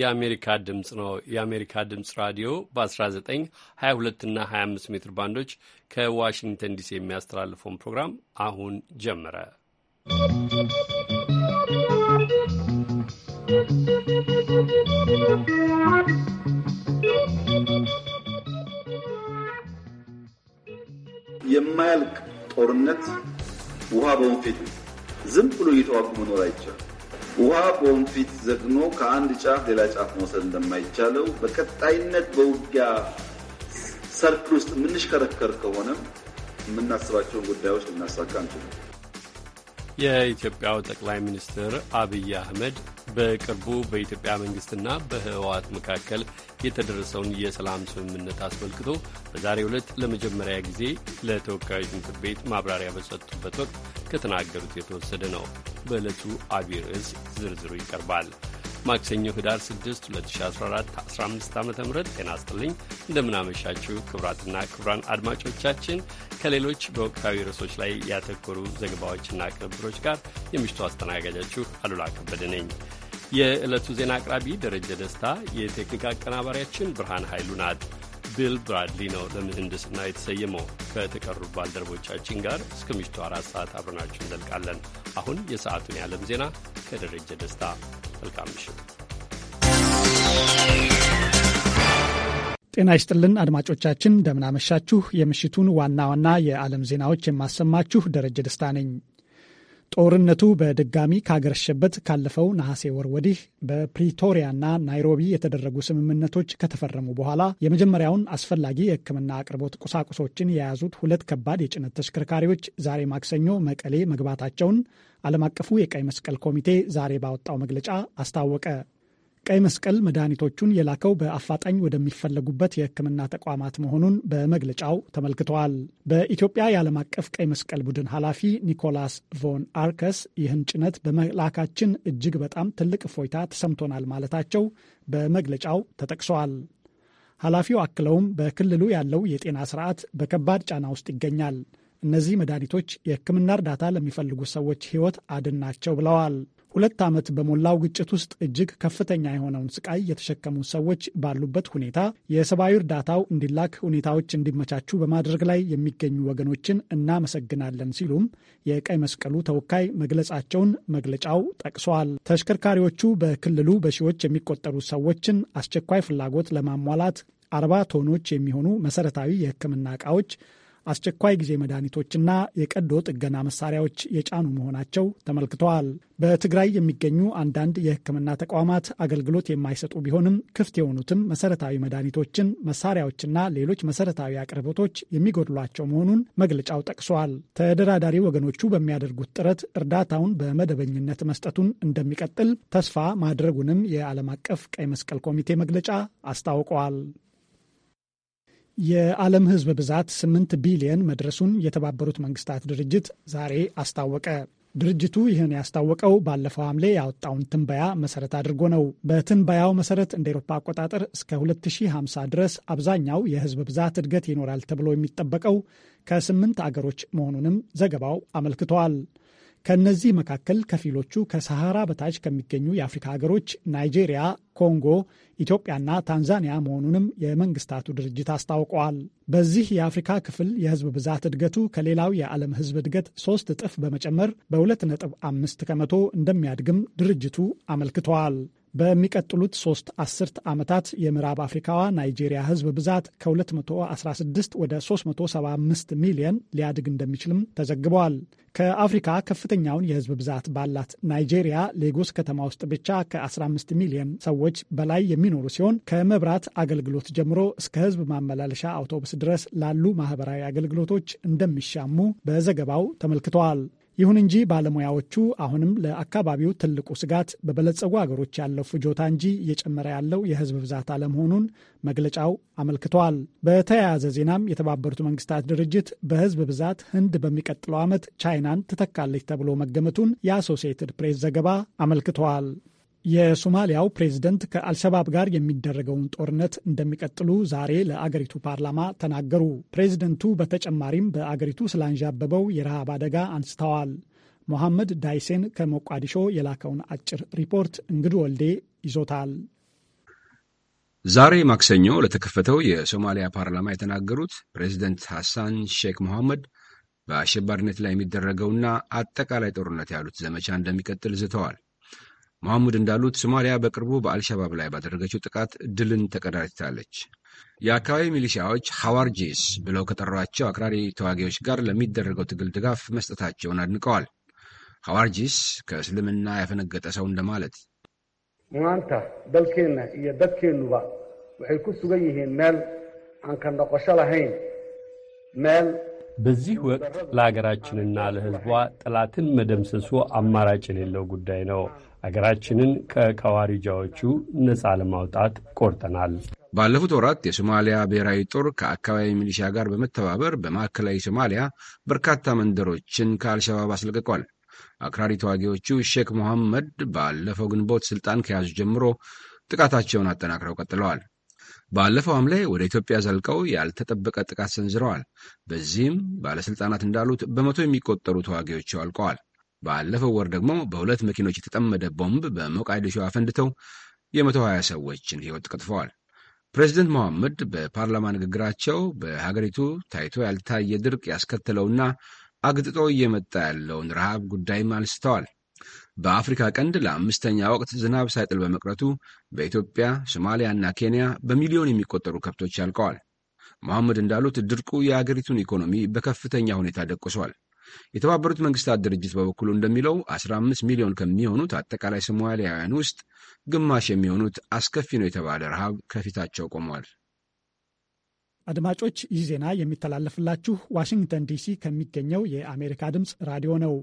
የአሜሪካ ድምፅ ነው። የአሜሪካ ድምፅ ራዲዮ በ19፣ 22 እና 25 ሜትር ባንዶች ከዋሽንግተን ዲሲ የሚያስተላልፈውን ፕሮግራም አሁን ጀመረ። የማያልቅ ጦርነት ውሃ በወንፊት ዝም ብሎ እየተዋጉ መኖር አይቻል ውሃ በወንፊት ዘግኖ ከአንድ ጫፍ ሌላ ጫፍ መውሰድ እንደማይቻለው በቀጣይነት በውጊያ ሰርክል ውስጥ የምንሽከረከር ከሆነም የምናስባቸውን ጉዳዮች ልናሳካ አንችልም። የኢትዮጵያው ጠቅላይ ሚኒስትር አብይ አህመድ በቅርቡ በኢትዮጵያ መንግስትና በህወሓት መካከል የተደረሰውን የሰላም ስምምነት አስመልክቶ በዛሬው ዕለት ለመጀመሪያ ጊዜ ለተወካዮች ምክር ቤት ማብራሪያ በሰጡበት ወቅት ከተናገሩት የተወሰደ ነው። በዕለቱ አብይ ርዕስ ዝርዝሩ ይቀርባል። ማክሰኞ ህዳር 6 2014 15 ዓ ም ጤና ስጥልኝ። እንደምናመሻችሁ ክቡራትና ክቡራን አድማጮቻችን ከሌሎች በወቅታዊ ርዕሶች ላይ ያተኮሩ ዘገባዎችና ቅንብሮች ጋር የምሽቱ አስተናጋጃችሁ አሉላ ከበደ ነኝ። የዕለቱ ዜና አቅራቢ ደረጀ ደስታ፣ የቴክኒክ አቀናባሪያችን ብርሃን ኃይሉ ናት። ቢል ብራድሊ ነው ለምህንድስና የተሰየመው። ከተቀሩ ባልደረቦቻችን ጋር እስከ ምሽቱ አራት ሰዓት አብረናችሁ እንዘልቃለን። አሁን የሰዓቱን የዓለም ዜና ከደረጀ ደስታ። መልካም ምሽት። ጤና ይስጥልን አድማጮቻችን፣ እንደምናመሻችሁ። የምሽቱን ዋና ዋና የዓለም ዜናዎች የማሰማችሁ ደረጀ ደስታ ነኝ። ጦርነቱ በድጋሚ ካገረሸበት ካለፈው ነሐሴ ወር ወዲህ በፕሪቶሪያና ናይሮቢ የተደረጉ ስምምነቶች ከተፈረሙ በኋላ የመጀመሪያውን አስፈላጊ የሕክምና አቅርቦት ቁሳቁሶችን የያዙት ሁለት ከባድ የጭነት ተሽከርካሪዎች ዛሬ ማክሰኞ መቀሌ መግባታቸውን ዓለም አቀፉ የቀይ መስቀል ኮሚቴ ዛሬ ባወጣው መግለጫ አስታወቀ። ቀይ መስቀል መድኃኒቶቹን የላከው በአፋጣኝ ወደሚፈለጉበት የሕክምና ተቋማት መሆኑን በመግለጫው ተመልክተዋል። በኢትዮጵያ የዓለም አቀፍ ቀይ መስቀል ቡድን ኃላፊ ኒኮላስ ቮን አርከስ ይህን ጭነት በመላካችን እጅግ በጣም ትልቅ እፎይታ ተሰምቶናል ማለታቸው በመግለጫው ተጠቅሰዋል። ኃላፊው አክለውም በክልሉ ያለው የጤና ስርዓት በከባድ ጫና ውስጥ ይገኛል። እነዚህ መድኃኒቶች የሕክምና እርዳታ ለሚፈልጉ ሰዎች ሕይወት አድን ናቸው ብለዋል። ሁለት ዓመት በሞላው ግጭት ውስጥ እጅግ ከፍተኛ የሆነውን ስቃይ የተሸከሙ ሰዎች ባሉበት ሁኔታ የሰብአዊ እርዳታው እንዲላክ ሁኔታዎች እንዲመቻቹ በማድረግ ላይ የሚገኙ ወገኖችን እናመሰግናለን ሲሉም የቀይ መስቀሉ ተወካይ መግለጻቸውን መግለጫው ጠቅሷል። ተሽከርካሪዎቹ በክልሉ በሺዎች የሚቆጠሩ ሰዎችን አስቸኳይ ፍላጎት ለማሟላት አርባ ቶኖች የሚሆኑ መሰረታዊ የሕክምና ዕቃዎች አስቸኳይ ጊዜ መድኃኒቶችና የቀዶ ጥገና መሳሪያዎች የጫኑ መሆናቸው ተመልክተዋል። በትግራይ የሚገኙ አንዳንድ የሕክምና ተቋማት አገልግሎት የማይሰጡ ቢሆንም ክፍት የሆኑትም መሰረታዊ መድኃኒቶችን፣ መሳሪያዎችና ሌሎች መሰረታዊ አቅርቦቶች የሚጎድሏቸው መሆኑን መግለጫው ጠቅሷል። ተደራዳሪ ወገኖቹ በሚያደርጉት ጥረት እርዳታውን በመደበኝነት መስጠቱን እንደሚቀጥል ተስፋ ማድረጉንም የዓለም አቀፍ ቀይ መስቀል ኮሚቴ መግለጫ አስታውቀዋል። የዓለም ሕዝብ ብዛት 8 ቢሊየን መድረሱን የተባበሩት መንግስታት ድርጅት ዛሬ አስታወቀ። ድርጅቱ ይህን ያስታወቀው ባለፈው ሐምሌ ያወጣውን ትንበያ መሰረት አድርጎ ነው። በትንበያው መሰረት እንደ ኤሮፓ አቆጣጠር እስከ 2050 ድረስ አብዛኛው የህዝብ ብዛት እድገት ይኖራል ተብሎ የሚጠበቀው ከስምንት አገሮች መሆኑንም ዘገባው አመልክቷል። ከእነዚህ መካከል ከፊሎቹ ከሰሃራ በታች ከሚገኙ የአፍሪካ ሀገሮች ናይጄሪያ፣ ኮንጎ፣ ኢትዮጵያና ታንዛኒያ መሆኑንም የመንግስታቱ ድርጅት አስታውቀዋል። በዚህ የአፍሪካ ክፍል የህዝብ ብዛት እድገቱ ከሌላው የዓለም ህዝብ እድገት ሶስት እጥፍ በመጨመር በ2.5 ከመቶ እንደሚያድግም ድርጅቱ አመልክተዋል። በሚቀጥሉት ሶስት አስርት ዓመታት የምዕራብ አፍሪካዋ ናይጄሪያ ህዝብ ብዛት ከ216 ወደ 375 ሚሊየን ሊያድግ እንደሚችልም ተዘግበዋል። ከአፍሪካ ከፍተኛውን የህዝብ ብዛት ባላት ናይጄሪያ ሌጎስ ከተማ ውስጥ ብቻ ከ15 ሚሊየን ሰዎች በላይ የሚኖሩ ሲሆን ከመብራት አገልግሎት ጀምሮ እስከ ህዝብ ማመላለሻ አውቶቡስ ድረስ ላሉ ማህበራዊ አገልግሎቶች እንደሚሻሙ በዘገባው ተመልክተዋል። ይሁን እንጂ ባለሙያዎቹ አሁንም ለአካባቢው ትልቁ ስጋት በበለጸጉ አገሮች ያለው ፍጆታ እንጂ እየጨመረ ያለው የህዝብ ብዛት አለመሆኑን መግለጫው አመልክተዋል። በተያያዘ ዜናም የተባበሩት መንግስታት ድርጅት በህዝብ ብዛት ህንድ በሚቀጥለው ዓመት ቻይናን ትተካለች ተብሎ መገመቱን የአሶሲየትድ ፕሬስ ዘገባ አመልክተዋል። የሶማሊያው ፕሬዝደንት ከአልሸባብ ጋር የሚደረገውን ጦርነት እንደሚቀጥሉ ዛሬ ለአገሪቱ ፓርላማ ተናገሩ። ፕሬዝደንቱ በተጨማሪም በአገሪቱ ስላንዣበበው የረሃብ አደጋ አንስተዋል። ሞሐመድ ዳይሴን ከሞቃዲሾ የላከውን አጭር ሪፖርት እንግዱ ወልዴ ይዞታል። ዛሬ ማክሰኞ ለተከፈተው የሶማሊያ ፓርላማ የተናገሩት ፕሬዝደንት ሐሳን ሼክ ሞሐመድ በአሸባሪነት ላይ የሚደረገውና አጠቃላይ ጦርነት ያሉት ዘመቻ እንደሚቀጥል ዝተዋል። መሐሙድ እንዳሉት ሶማሊያ በቅርቡ በአልሸባብ ላይ ባደረገችው ጥቃት ድልን ተቀዳጅታለች። የአካባቢ ሚሊሺያዎች ሐዋርጂስ ብለው ከጠሯቸው አክራሪ ተዋጊዎች ጋር ለሚደረገው ትግል ድጋፍ መስጠታቸውን አድንቀዋል። ሐዋርጂስ ከእስልምና ያፈነገጠ ሰው እንደማለት። ማንታ ደልኬና እየ ደኬኑባ ወይ ku sugan yihiin meel aan ka በዚህ ወቅት ለሀገራችንና ለሕዝቧ ጠላትን መደምሰሱ አማራጭ የሌለው ጉዳይ ነው። አገራችንን ከከዋሪጃዎቹ ነፃ ለማውጣት ቆርጠናል። ባለፉት ወራት የሶማሊያ ብሔራዊ ጦር ከአካባቢ ሚሊሻ ጋር በመተባበር በማዕከላዊ ሶማሊያ በርካታ መንደሮችን ከአልሸባብ አስለቅቋል። አክራሪ ተዋጊዎቹ ሼክ ሞሐመድ ባለፈው ግንቦት ስልጣን ከያዙ ጀምሮ ጥቃታቸውን አጠናክረው ቀጥለዋል። ባለፈው ሐምሌ ወደ ኢትዮጵያ ዘልቀው ያልተጠበቀ ጥቃት ሰንዝረዋል። በዚህም ባለሥልጣናት እንዳሉት በመቶ የሚቆጠሩ ተዋጊዎች አልቀዋል። ባለፈው ወር ደግሞ በሁለት መኪኖች የተጠመደ ቦምብ በሞቃዲሾ አፈንድተው የ120 ሰዎችን ሕይወት ቀጥፈዋል። ፕሬዚደንት መሐመድ በፓርላማ ንግግራቸው በሀገሪቱ ታይቶ ያልታየ ድርቅ ያስከተለውና አግጥጦ እየመጣ ያለውን ረሃብ ጉዳይም አንስተዋል። በአፍሪካ ቀንድ ለአምስተኛ ወቅት ዝናብ ሳይጥል በመቅረቱ በኢትዮጵያ፣ ሶማሊያና ኬንያ በሚሊዮን የሚቆጠሩ ከብቶች አልቀዋል። መሐመድ እንዳሉት ድርቁ የአገሪቱን ኢኮኖሚ በከፍተኛ ሁኔታ ደቁሷል። የተባበሩት መንግስታት ድርጅት በበኩሉ እንደሚለው 15 ሚሊዮን ከሚሆኑት አጠቃላይ ሶማሊያውያን ውስጥ ግማሽ የሚሆኑት አስከፊ ነው የተባለ ረሃብ ከፊታቸው ቆሟል። አድማጮች፣ ይህ ዜና የሚተላለፍላችሁ ዋሽንግተን ዲሲ ከሚገኘው የአሜሪካ ድምፅ ራዲዮ ነው።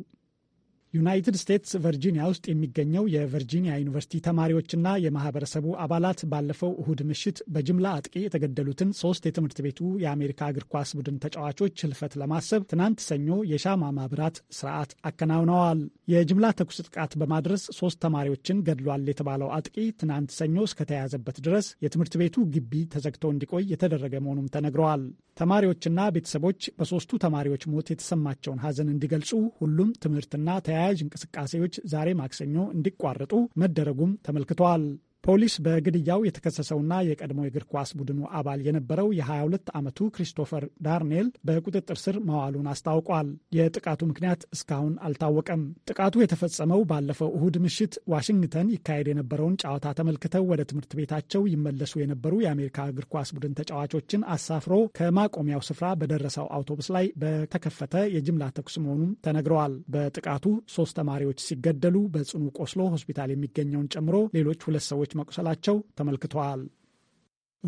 ዩናይትድ ስቴትስ ቨርጂኒያ ውስጥ የሚገኘው የቨርጂኒያ ዩኒቨርሲቲ ተማሪዎችና የማህበረሰቡ አባላት ባለፈው እሁድ ምሽት በጅምላ አጥቂ የተገደሉትን ሶስት የትምህርት ቤቱ የአሜሪካ እግር ኳስ ቡድን ተጫዋቾች ህልፈት ለማሰብ ትናንት ሰኞ የሻማ ማብራት ስርዓት አከናውነዋል። የጅምላ ተኩስ ጥቃት በማድረስ ሶስት ተማሪዎችን ገድሏል የተባለው አጥቂ ትናንት ሰኞ እስከተያያዘበት ድረስ የትምህርት ቤቱ ግቢ ተዘግቶ እንዲቆይ የተደረገ መሆኑም ተነግረዋል። ተማሪዎችና ቤተሰቦች በሶስቱ ተማሪዎች ሞት የተሰማቸውን ሀዘን እንዲገልጹ ሁሉም ትምህርትና ተያ ተያያዥ እንቅስቃሴዎች ዛሬ ማክሰኞ እንዲቋረጡ መደረጉም ተመልክተዋል። ፖሊስ በግድያው የተከሰሰውና የቀድሞ የእግር ኳስ ቡድኑ አባል የነበረው የ22 ዓመቱ ክሪስቶፈር ዳርኔል በቁጥጥር ስር መዋሉን አስታውቋል። የጥቃቱ ምክንያት እስካሁን አልታወቀም። ጥቃቱ የተፈጸመው ባለፈው እሁድ ምሽት ዋሽንግተን ይካሄድ የነበረውን ጨዋታ ተመልክተው ወደ ትምህርት ቤታቸው ይመለሱ የነበሩ የአሜሪካ እግር ኳስ ቡድን ተጫዋቾችን አሳፍሮ ከማቆሚያው ስፍራ በደረሰው አውቶቡስ ላይ በተከፈተ የጅምላ ተኩስ መሆኑን ተነግረዋል። በጥቃቱ ሶስት ተማሪዎች ሲገደሉ በጽኑ ቆስሎ ሆስፒታል የሚገኘውን ጨምሮ ሌሎች ሁለት ሰዎች መቁሰላቸው ተመልክተዋል።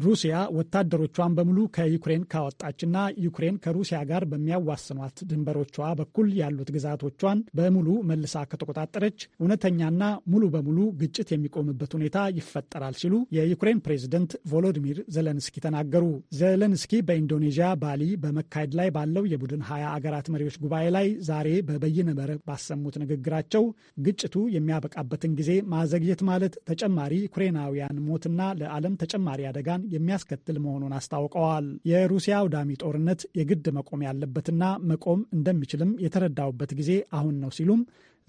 ሩሲያ ወታደሮቿን በሙሉ ከዩክሬን ካወጣችና ዩክሬን ከሩሲያ ጋር በሚያዋስኗት ድንበሮቿ በኩል ያሉት ግዛቶቿን በሙሉ መልሳ ከተቆጣጠረች እውነተኛና ሙሉ በሙሉ ግጭት የሚቆምበት ሁኔታ ይፈጠራል ሲሉ የዩክሬን ፕሬዝደንት ቮሎዲሚር ዘለንስኪ ተናገሩ። ዘለንስኪ በኢንዶኔዥያ ባሊ በመካሄድ ላይ ባለው የቡድን ሀያ አገራት መሪዎች ጉባኤ ላይ ዛሬ በበይነ መረብ ባሰሙት ንግግራቸው ግጭቱ የሚያበቃበትን ጊዜ ማዘግየት ማለት ተጨማሪ ዩክሬናውያን ሞትና ለዓለም ተጨማሪ አደጋ ኪሳራን የሚያስከትል መሆኑን አስታውቀዋል። የሩሲያ አውዳሚ ጦርነት የግድ መቆም ያለበትና መቆም እንደሚችልም የተረዳውበት ጊዜ አሁን ነው ሲሉም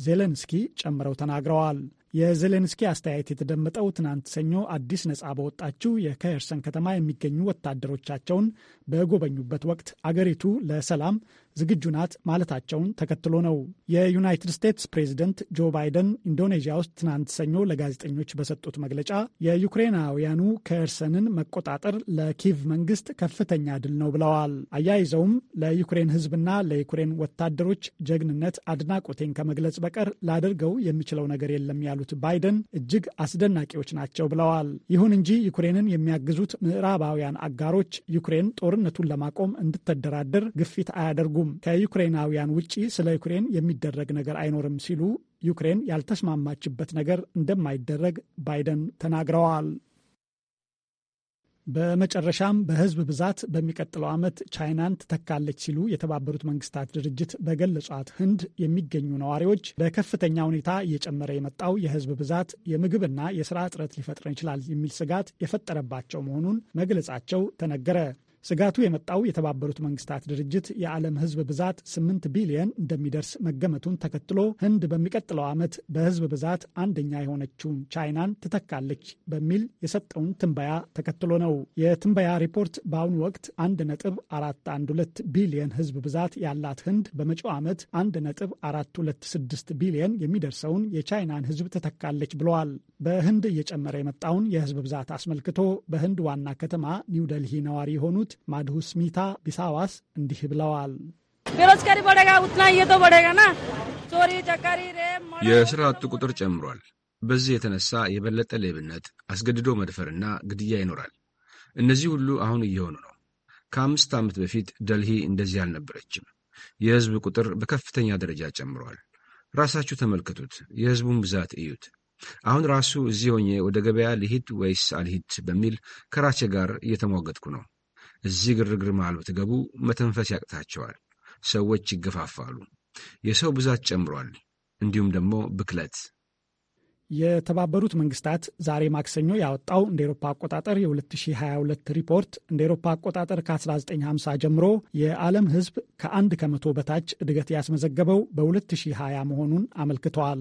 ዜሌንስኪ ጨምረው ተናግረዋል። የዜሌንስኪ አስተያየት የተደመጠው ትናንት ሰኞ አዲስ ነጻ በወጣችው የከየርሰን ከተማ የሚገኙ ወታደሮቻቸውን በጎበኙበት ወቅት አገሪቱ ለሰላም ዝግጁ ናት ማለታቸውን ተከትሎ ነው። የዩናይትድ ስቴትስ ፕሬዚደንት ጆ ባይደን ኢንዶኔዥያ ውስጥ ትናንት ሰኞ ለጋዜጠኞች በሰጡት መግለጫ የዩክሬናውያኑ ከርሰንን መቆጣጠር ለኪቭ መንግስት ከፍተኛ ድል ነው ብለዋል። አያይዘውም ለዩክሬን ሕዝብና ለዩክሬን ወታደሮች ጀግንነት አድናቆቴን ከመግለጽ በቀር ላደርገው የሚችለው ነገር የለም ያሉት ባይደን እጅግ አስደናቂዎች ናቸው ብለዋል። ይሁን እንጂ ዩክሬንን የሚያግዙት ምዕራባውያን አጋሮች ዩክሬን ጦርነቱን ለማቆም እንድትደራደር ግፊት አያደርጉ አይደረጉም። ከዩክሬናውያን ውጪ ስለ ዩክሬን የሚደረግ ነገር አይኖርም ሲሉ ዩክሬን ያልተስማማችበት ነገር እንደማይደረግ ባይደን ተናግረዋል። በመጨረሻም በህዝብ ብዛት በሚቀጥለው ዓመት ቻይናን ትተካለች ሲሉ የተባበሩት መንግስታት ድርጅት በገለጿት ህንድ የሚገኙ ነዋሪዎች በከፍተኛ ሁኔታ እየጨመረ የመጣው የህዝብ ብዛት የምግብና የስራ እጥረት ሊፈጥረን ይችላል የሚል ስጋት የፈጠረባቸው መሆኑን መግለጻቸው ተነገረ። ስጋቱ የመጣው የተባበሩት መንግስታት ድርጅት የዓለም ህዝብ ብዛት 8 ቢሊየን እንደሚደርስ መገመቱን ተከትሎ ህንድ በሚቀጥለው ዓመት በህዝብ ብዛት አንደኛ የሆነችውን ቻይናን ትተካለች በሚል የሰጠውን ትንበያ ተከትሎ ነው። የትንበያ ሪፖርት በአሁኑ ወቅት 1.412 ቢሊየን ህዝብ ብዛት ያላት ህንድ በመጪው ዓመት 1.426 ቢሊየን የሚደርሰውን የቻይናን ህዝብ ትተካለች ብለዋል። በህንድ እየጨመረ የመጣውን የህዝብ ብዛት አስመልክቶ በህንድ ዋና ከተማ ኒውደልሂ ነዋሪ የሆኑት ማድሁ ስሚታ ቢሳዋስ እንዲህ ብለዋል። የስራ አጡ ቁጥር ጨምሯል። በዚህ የተነሳ የበለጠ ሌብነት፣ አስገድዶ መድፈርና ግድያ ይኖራል። እነዚህ ሁሉ አሁን እየሆኑ ነው። ከአምስት ዓመት በፊት ደልሂ እንደዚህ አልነበረችም። የሕዝብ ቁጥር በከፍተኛ ደረጃ ጨምሯል። ራሳችሁ ተመልከቱት። የሕዝቡን ብዛት እዩት። አሁን ራሱ እዚህ ሆኜ ወደ ገበያ ልሂድ ወይስ አልሂድ በሚል ከራቼ ጋር እየተሟገጥኩ ነው። እዚህ ግርግር መሃል ብትገቡ መተንፈስ ያቅታቸዋል። ሰዎች ይገፋፋሉ። የሰው ብዛት ጨምሯል። እንዲሁም ደግሞ ብክለት። የተባበሩት መንግስታት ዛሬ ማክሰኞ ያወጣው እንደ ኤሮፓ አቆጣጠር የ2022 ሪፖርት እንደ ኤሮፓ አቆጣጠር ከ1950 ጀምሮ የዓለም ሕዝብ ከአንድ ከመቶ በታች እድገት ያስመዘገበው በ2020 መሆኑን አመልክተዋል።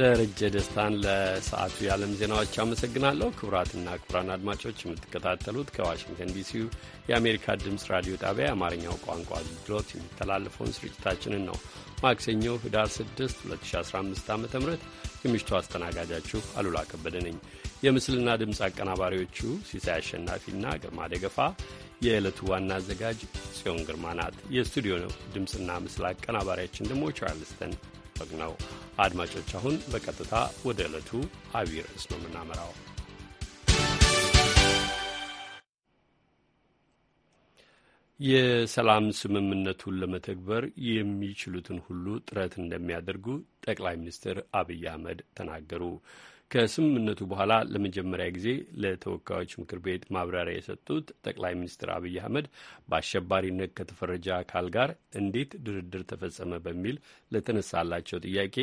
ደረጀ ደስታን ለሰዓቱ የዓለም ዜናዎች አመሰግናለሁ። ክቡራትና ክቡራን አድማጮች የምትከታተሉት ከዋሽንግተን ዲሲው የአሜሪካ ድምፅ ራዲዮ ጣቢያ የአማርኛው ቋንቋ አገልግሎት የሚተላለፈውን ስርጭታችንን ነው። ማክሰኞ ህዳር 6 2015 ዓ ም የምሽቱ አስተናጋጃችሁ አሉላ ከበደ ነኝ። የምስልና ድምፅ አቀናባሪዎቹ ሲሳይ አሸናፊና ግርማ ደገፋ፣ የዕለቱ ዋና አዘጋጅ ጽዮን ግርማ ናት። የስቱዲዮ ድምፅና ምስል አቀናባሪያችን ደግሞ ቻርልስተን የሚጠበቅ ነው። አድማጮች፣ አሁን በቀጥታ ወደ ዕለቱ አብይ ርዕስ ነው የምናመራው። የሰላም ስምምነቱን ለመተግበር የሚችሉትን ሁሉ ጥረት እንደሚያደርጉ ጠቅላይ ሚኒስትር አብይ አህመድ ተናገሩ። ከስምምነቱ በኋላ ለመጀመሪያ ጊዜ ለተወካዮች ምክር ቤት ማብራሪያ የሰጡት ጠቅላይ ሚኒስትር አብይ አህመድ በአሸባሪነት ከተፈረጀ አካል ጋር እንዴት ድርድር ተፈጸመ በሚል ለተነሳላቸው ጥያቄ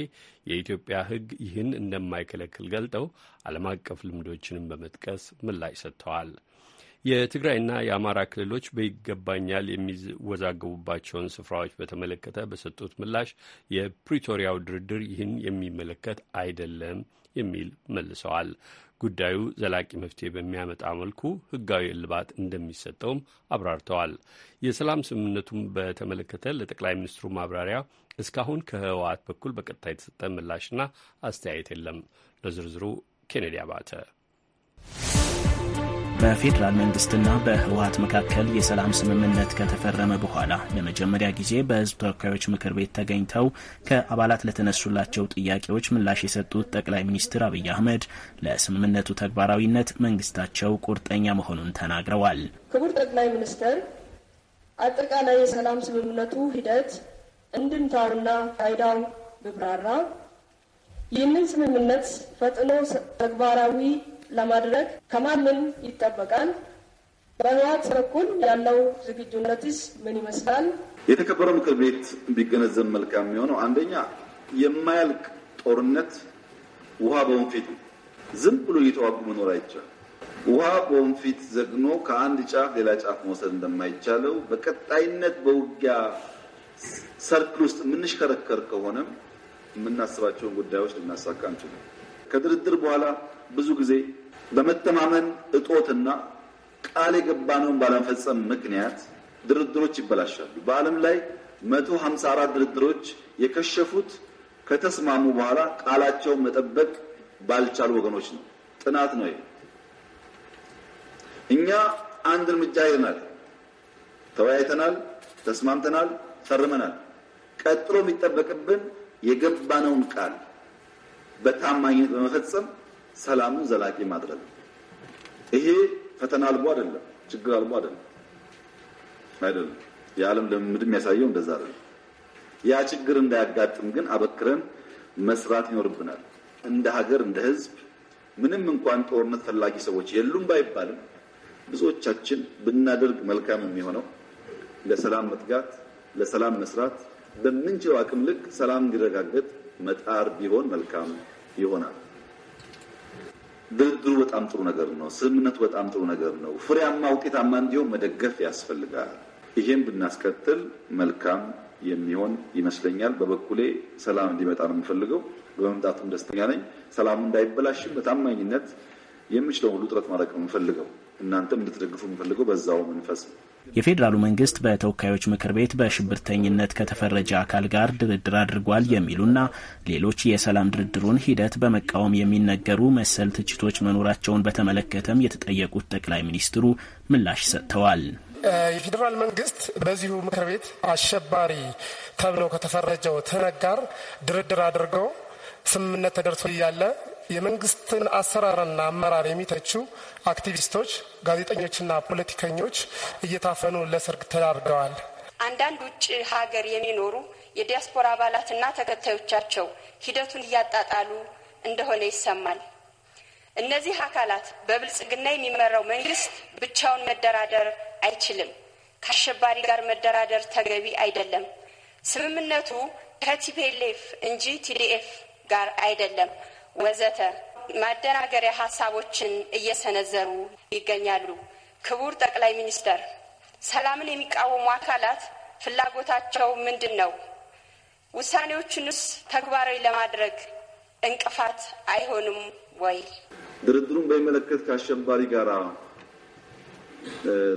የኢትዮጵያ ሕግ ይህን እንደማይከለክል ገልጠው ዓለም አቀፍ ልምዶችንም በመጥቀስ ምላሽ ሰጥተዋል። የትግራይና የአማራ ክልሎች በይገባኛል የሚወዛገቡባቸውን ስፍራዎች በተመለከተ በሰጡት ምላሽ የፕሪቶሪያው ድርድር ይህን የሚመለከት አይደለም የሚል መልሰዋል። ጉዳዩ ዘላቂ መፍትሄ በሚያመጣ መልኩ ሕጋዊ እልባት እንደሚሰጠውም አብራርተዋል። የሰላም ስምምነቱን በተመለከተ ለጠቅላይ ሚኒስትሩ ማብራሪያ እስካሁን ከህወሓት በኩል በቀጥታ የተሰጠ ምላሽና አስተያየት የለም። ለዝርዝሩ ኬኔዲ አባተ በፌዴራል መንግስትና በህወሀት መካከል የሰላም ስምምነት ከተፈረመ በኋላ ለመጀመሪያ ጊዜ በህዝብ ተወካዮች ምክር ቤት ተገኝተው ከአባላት ለተነሱላቸው ጥያቄዎች ምላሽ የሰጡት ጠቅላይ ሚኒስትር አብይ አህመድ ለስምምነቱ ተግባራዊነት መንግስታቸው ቁርጠኛ መሆኑን ተናግረዋል። ክቡር ጠቅላይ ሚኒስትር፣ አጠቃላይ የሰላም ስምምነቱ ሂደት እንድምታውና ፋይዳው ብብራራ ይህንን ስምምነት ፈጥኖ ተግባራዊ ለማድረግ ከማንም ይጠበቃል? በህወሓት በኩል ያለው ዝግጁነትስ ምን ይመስላል? የተከበረው ምክር ቤት ቢገነዘብ መልካም የሚሆነው አንደኛ የማያልቅ ጦርነት ውሃ በወንፊት ነው። ዝም ብሎ እየተዋጉ መኖር አይቻል። ውሃ በወንፊት ዘግኖ ከአንድ ጫፍ ሌላ ጫፍ መውሰድ እንደማይቻለው በቀጣይነት በውጊያ ሰርክል ውስጥ የምንሽከረከር ከሆነም የምናስባቸውን ጉዳዮች ልናሳካ እንችላል። ከድርድር በኋላ ብዙ ጊዜ በመተማመን እጦትና ቃል የገባነውን ባለመፈጸም ምክንያት ድርድሮች ይበላሻሉ። በዓለም ላይ መቶ ሀምሳ አራት ድርድሮች የከሸፉት ከተስማሙ በኋላ ቃላቸውን መጠበቅ ባልቻሉ ወገኖች ነው። ጥናት ነው። እኛ አንድ እርምጃ ይዘናል፣ ተወያይተናል፣ ተስማምተናል፣ ፈርመናል። ቀጥሎ የሚጠበቅብን የገባነውን ቃል በታማኝነት በመፈጸም ሰላምን ዘላቂ ማድረግ ይሄ ፈተና አልቦ አይደለም፣ ችግር አልቦ አይደለም አይደለም። የዓለም ልምምድ የሚያሳየው እንደዛ አይደለም። ያ ችግር እንዳያጋጥም ግን አበክረን መስራት ይኖርብናል። እንደ ሀገር፣ እንደ ህዝብ ምንም እንኳን ጦርነት ፈላጊ ሰዎች የሉም ባይባልም ብዙዎቻችን ብናደርግ መልካም የሚሆነው ለሰላም መትጋት፣ ለሰላም መስራት፣ በምንችለው አቅም ልክ ሰላም እንዲረጋገጥ መጣር ቢሆን መልካም ይሆናል። ድርድሩ በጣም ጥሩ ነገር ነው። ስምምነቱ በጣም ጥሩ ነገር ነው። ፍሬያማ ውጤታማ እንዲሆን መደገፍ ያስፈልጋል። ይሄን ብናስከትል መልካም የሚሆን ይመስለኛል። በበኩሌ ሰላም እንዲመጣ ነው የምፈልገው። በመምጣቱም ደስተኛ ነኝ። ሰላሙ እንዳይበላሽም በታማኝነት የምችለው ሁሉ ጥረት ማድረግ ነው የምፈልገው። እናንተም እንድትደግፉ የምፈልገው በዛው መንፈስ ነው። የፌዴራሉ መንግስት በተወካዮች ምክር ቤት በሽብርተኝነት ከተፈረጀ አካል ጋር ድርድር አድርጓል የሚሉና ሌሎች የሰላም ድርድሩን ሂደት በመቃወም የሚነገሩ መሰል ትችቶች መኖራቸውን በተመለከተም የተጠየቁት ጠቅላይ ሚኒስትሩ ምላሽ ሰጥተዋል። የፌዴራል መንግስት በዚሁ ምክር ቤት አሸባሪ ተብሎ ከተፈረጀው ትነግ ድርድር አድርገው ስምምነት ተደርሶ እያለ የመንግስትን አሰራርና አመራር የሚተቹ አክቲቪስቶች፣ ጋዜጠኞችና ፖለቲከኞች እየታፈኑ ለሰርግ ተዳርገዋል። አንዳንድ ውጭ ሀገር የሚኖሩ የዲያስፖራ አባላትና ተከታዮቻቸው ሂደቱን እያጣጣሉ እንደሆነ ይሰማል። እነዚህ አካላት በብልጽግና የሚመራው መንግስት ብቻውን መደራደር አይችልም። ከአሸባሪ ጋር መደራደር ተገቢ አይደለም። ስምምነቱ ከቲፒኤልኤፍ እንጂ ቲዲኤፍ ጋር አይደለም። ወዘተ ማደናገሪያ ሀሳቦችን እየሰነዘሩ ይገኛሉ። ክቡር ጠቅላይ ሚኒስተር፣ ሰላምን የሚቃወሙ አካላት ፍላጎታቸው ምንድን ነው? ውሳኔዎቹንስ ተግባራዊ ለማድረግ እንቅፋት አይሆንም ወይ? ድርድሩን በሚመለከት ከአሸባሪ ጋር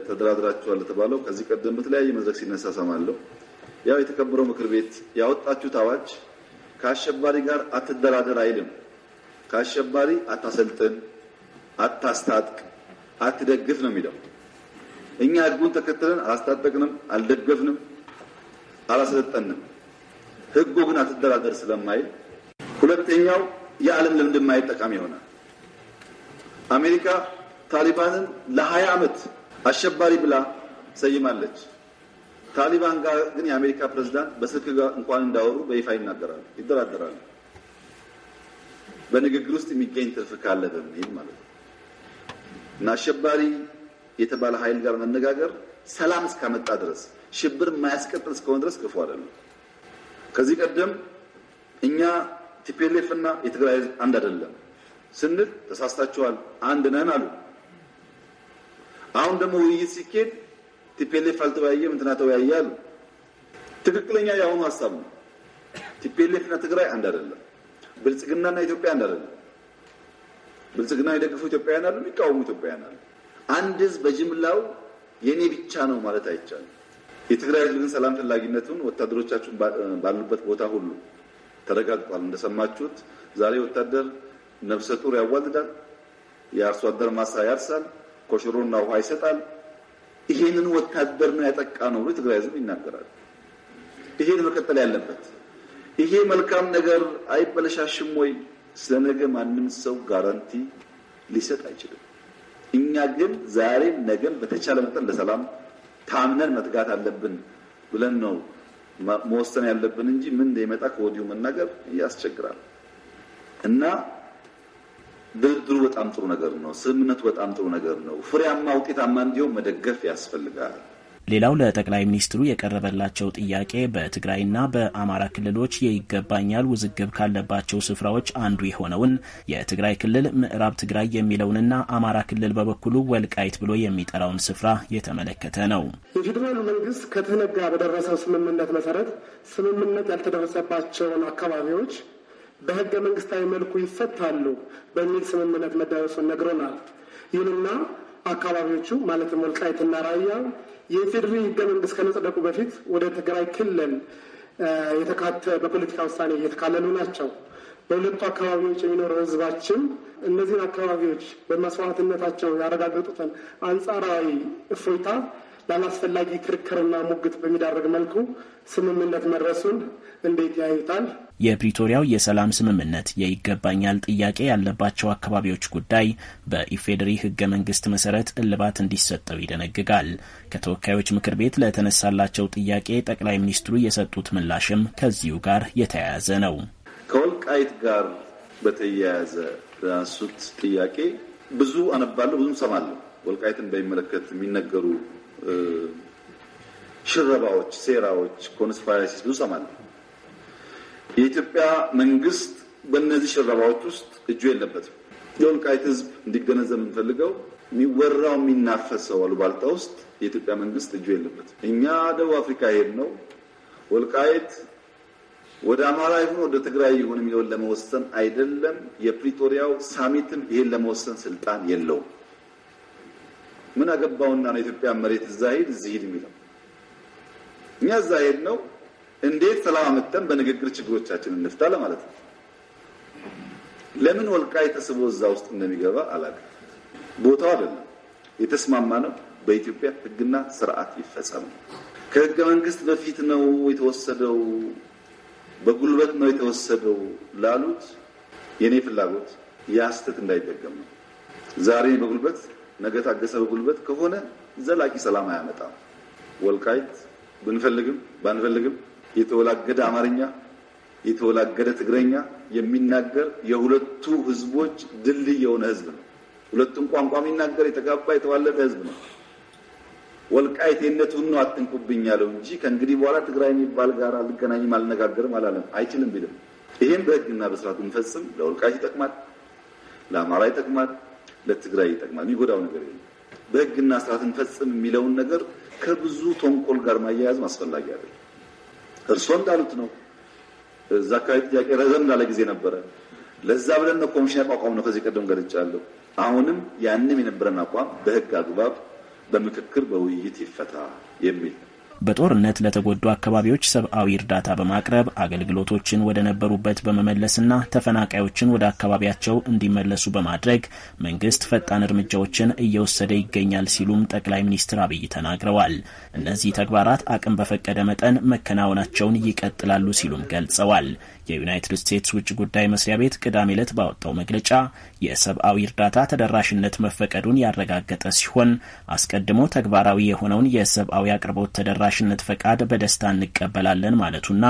ተደራድራችኋል ለተባለው ከዚህ ቀደም በተለያየ መድረክ ሲነሳ ሰማለሁ። ያው የተከበረው ምክር ቤት ያወጣችሁት አዋጅ ከአሸባሪ ጋር አትደራደር አይልም። ከአሸባሪ አታሰልጥን፣ አታስታጥቅ፣ አትደግፍ ነው የሚለው። እኛ ህጉን ተከትለን አላስታጠቅንም፣ አልደገፍንም፣ አላሰለጠንም። ህጉ ግን አትደራደር ስለማይል ሁለተኛው የዓለም ልምድ ማየት ጠቃሚ ይሆናል። አሜሪካ ታሊባንን ለሀያ ዓመት አሸባሪ ብላ ሰይማለች። ታሊባን ጋር ግን የአሜሪካ ፕሬዝዳንት በስልክ እንኳን እንዳወሩ በይፋ ይናገራሉ፣ ይደራደራሉ። በንግግር ውስጥ የሚገኝ ትርፍ ካለ በሚል ማለት ነው እና አሸባሪ የተባለ ኃይል ጋር መነጋገር ሰላም እስካመጣ ድረስ ሽብር የማያስቀጥል እስከሆነ ድረስ ክፉ አይደለም። ከዚህ ቀደም እኛ ቲፒኤልኤፍ እና የትግራይ ህዝብ አንድ አይደለም ስንል ተሳስታችኋል፣ አንድ ነን አሉ። አሁን ደግሞ ውይይት ሲኬድ ቲፒኤልኤፍ አልተወያየም እንትና ተወያየ አሉ። ትክክለኛ የአሁኑ ሀሳብ ነው። ቲፒኤልኤፍ እና ትግራይ አንድ አይደለም። ብልጽግናና ኢትዮጵያ አንድ አይደለም። ብልጽግና የደግፉ ኢትዮጵያውያን አሉ፣ የሚቃወሙ ኢትዮጵያውያን አሉ። አንድ ህዝብ በጅምላው የኔ ብቻ ነው ማለት አይቻልም። የትግራይ ህዝብን ሰላም ፈላጊነቱን ወታደሮቻችን ባሉበት ቦታ ሁሉ ተረጋግጧል። እንደሰማችሁት ዛሬ ወታደር ነፍሰ ጡር ያዋልዳል፣ የአርሶ አደር ማሳ ያርሳል፣ ኮሽሮና ውሃ ይሰጣል። ይሄንን ወታደር ነው ያጠቃ ነው ብሎ የትግራይ ህዝብ ይናገራል። ይሄን መቀጠል ያለበት ይሄ መልካም ነገር አይበለሻሽም ወይ? ስለነገ ማንም ሰው ጋራንቲ ሊሰጥ አይችልም። እኛ ግን ዛሬም ነገም በተቻለ መጠን ለሰላም ታምነን መትጋት አለብን ብለን ነው መወሰን ያለብን እንጂ ምን እንደሚመጣ ከወዲሁ መናገር ያስቸግራል። እና ድርድሩ በጣም ጥሩ ነገር ነው። ስምምነቱ በጣም ጥሩ ነገር ነው። ፍሬያማ ውጤታማ እንዲሆን መደገፍ ያስፈልጋል። ሌላው ለጠቅላይ ሚኒስትሩ የቀረበላቸው ጥያቄ በትግራይና በአማራ ክልሎች የይገባኛል ውዝግብ ካለባቸው ስፍራዎች አንዱ የሆነውን የትግራይ ክልል ምዕራብ ትግራይ የሚለውንና አማራ ክልል በበኩሉ ወልቃይት ብሎ የሚጠራውን ስፍራ የተመለከተ ነው። የፌዴራሉ መንግስት ከተነጋ በደረሰው ስምምነት መሰረት ስምምነት ያልተደረሰባቸውን አካባቢዎች በህገ መንግስታዊ መልኩ ይፈታሉ በሚል ስምምነት መዳረሱን ነግሮናል። ይሁንና አካባቢዎቹ ማለትም ወልቃይትና ራያ የኢፌድሪ ህገ መንግስት ከመጽደቁ በፊት ወደ ትግራይ ክልል በፖለቲካ ውሳኔ እየተካለሉ ናቸው። በሁለቱ አካባቢዎች የሚኖረው ህዝባችን እነዚህን አካባቢዎች በመስዋዕትነታቸው ያረጋገጡትን አንጻራዊ እፎይታ ላላስፈላጊ ክርክርና ሙግት በሚዳርግ መልኩ ስምምነት መድረሱን እንዴት ያዩታል? የፕሪቶሪያው የሰላም ስምምነት የይገባኛል ጥያቄ ያለባቸው አካባቢዎች ጉዳይ በኢፌዴሪ ህገ መንግስት መሰረት እልባት እንዲሰጠው ይደነግጋል። ከተወካዮች ምክር ቤት ለተነሳላቸው ጥያቄ ጠቅላይ ሚኒስትሩ የሰጡት ምላሽም ከዚሁ ጋር የተያያዘ ነው። ከወልቃይት ጋር በተያያዘ ያነሱት ጥያቄ ብዙ አነባለሁ፣ ብዙም ሰማለሁ። ወልቃይትን በሚመለከት የሚነገሩ ሽረባዎች፣ ሴራዎች፣ ኮንስፓይረሲስ ብዙ ሰማለሁ። የኢትዮጵያ መንግስት በእነዚህ ሽረባዎች ውስጥ እጁ የለበትም። የወልቃይት ህዝብ እንዲገነዘብ የምንፈልገው የሚወራው የሚናፈሰው አሉባልታ ውስጥ የኢትዮጵያ መንግስት እጁ የለበትም። እኛ ደቡብ አፍሪካ ሄድ ነው ወልቃይት ወደ አማራ ይሁን ወደ ትግራይ ይሁን የሚለውን ለመወሰን አይደለም። የፕሪቶሪያው ሳሚትም ይሄን ለመወሰን ስልጣን የለውም። ምን አገባውና ነው ኢትዮጵያ መሬት እዛ ሂድ እዚህ የሚለው? እኛ እዛ ሄድ ነው እንዴት ሰላም አመጣን በንግግር ችግሮቻችን እንፍታ ለማለት ነው። ለምን ወልቃይ ተስቦ እዛ ውስጥ እንደሚገባ አላውቅም። ቦታው አይደለም የተስማማ ነው። በኢትዮጵያ ህግና ስርዓት ይፈጸም። ከህገ መንግስት በፊት ነው የተወሰደው፣ በጉልበት ነው የተወሰደው ላሉት የኔ ፍላጎት ያ ስህተት እንዳይደገም ነው። ዛሬ በጉልበት ነገ ታገሰ በጉልበት ከሆነ ዘላቂ ሰላም አያመጣም። ወልቃይት ብንፈልግም ባንፈልግም የተወላገደ አማርኛ የተወላገደ ትግረኛ የሚናገር የሁለቱ ህዝቦች ድልድይ የሆነ ህዝብ ነው። ሁለቱም ቋንቋ የሚናገር የተጋባ የተዋለደ ህዝብ ነው። ወልቃይት የነቱን ነው አትንኩብኝ ያለው እንጂ ከእንግዲህ በኋላ ትግራይ የሚባል ጋር አልገናኝም አልነጋገርም አላለም። አይችልም ቢልም ይህም በህግና በስርዓት ብንፈጽም ለወልቃይት ይጠቅማል፣ ለአማራ ይጠቅማል፣ ለትግራይ ይጠቅማል። የሚጎዳው ነገር የለም። በህግና ስርዓት እንፈጽም የሚለውን ነገር ከብዙ ተንኮል ጋር ማያያዝም አስፈላጊ አይደለም። እርስዎ እንዳሉት ነው። እዛ አካባቢ ጥያቄ ረዘም ላለ ጊዜ ነበረ። ለዛ ብለን ነው ኮሚሽን ያቋቋም ነው። ከዚህ ቀደም ገልጫለሁ። አሁንም ያንም የነበረን አቋም በህግ አግባብ በምክክር በውይይት ይፈታ የሚል በጦርነት ለተጎዱ አካባቢዎች ሰብአዊ እርዳታ በማቅረብ አገልግሎቶችን ወደ ነበሩበት በመመለስና ተፈናቃዮችን ወደ አካባቢያቸው እንዲመለሱ በማድረግ መንግስት ፈጣን እርምጃዎችን እየወሰደ ይገኛል ሲሉም ጠቅላይ ሚኒስትር አብይ ተናግረዋል። እነዚህ ተግባራት አቅም በፈቀደ መጠን መከናወናቸውን ይቀጥላሉ ሲሉም ገልጸዋል። የዩናይትድ ስቴትስ ውጭ ጉዳይ መስሪያ ቤት ቅዳሜ ዕለት ባወጣው መግለጫ የሰብአዊ እርዳታ ተደራሽነት መፈቀዱን ያረጋገጠ ሲሆን አስቀድሞ ተግባራዊ የሆነውን የሰብአዊ አቅርቦት ተደራ የወራሽነት ፈቃድ በደስታ እንቀበላለን ማለቱና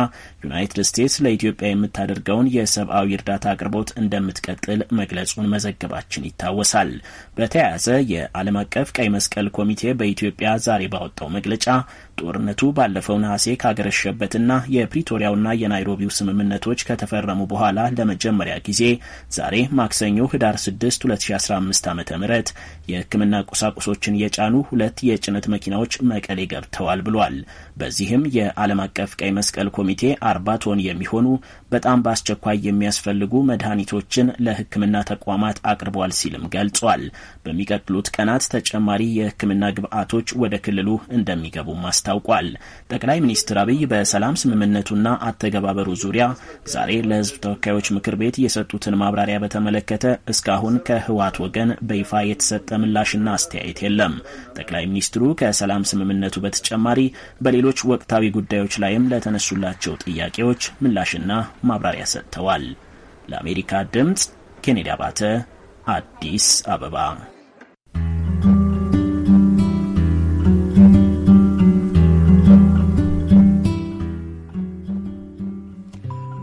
ዩናይትድ ስቴትስ ለኢትዮጵያ የምታደርገውን የሰብአዊ እርዳታ አቅርቦት እንደምትቀጥል መግለጹን መዘገባችን ይታወሳል። በተያያዘ የዓለም አቀፍ ቀይ መስቀል ኮሚቴ በኢትዮጵያ ዛሬ ባወጣው መግለጫ ጦርነቱ ባለፈው ነሐሴ ካገረሸበትና የፕሪቶሪያውና የናይሮቢው ስምምነቶች ከተፈረሙ በኋላ ለመጀመሪያ ጊዜ ዛሬ ማክሰኞ ህዳር 6 2015 ዓ ም የህክምና ቁሳቁሶችን የጫኑ ሁለት የጭነት መኪናዎች መቀሌ ገብተዋል ብሏል። በዚህም የዓለም አቀፍ ቀይ መስቀል ኮሚቴ አርባ ቶን የሚሆኑ በጣም በአስቸኳይ የሚያስፈልጉ መድኃኒቶችን ለሕክምና ተቋማት አቅርቧል ሲልም ገልጿል። በሚቀጥሉት ቀናት ተጨማሪ የሕክምና ግብዓቶች ወደ ክልሉ እንደሚገቡም አስታውቋል። ጠቅላይ ሚኒስትር አብይ በሰላም ስምምነቱና አተገባበሩ ዙሪያ ዛሬ ለሕዝብ ተወካዮች ምክር ቤት የሰጡትን ማብራሪያ በተመለከተ እስካሁን ከህወሓት ወገን በይፋ የተሰጠ ምላሽና አስተያየት የለም። ጠቅላይ ሚኒስትሩ ከሰላም ስምምነቱ በተጨማሪ በሌሎች ወቅታዊ ጉዳዮች ላይም ለተነሱላቸው ጥያቄዎች ምላሽና ማብራሪያ ሰጥተዋል። ለአሜሪካ ድምፅ ኬኔዲ አባተ አዲስ አበባ።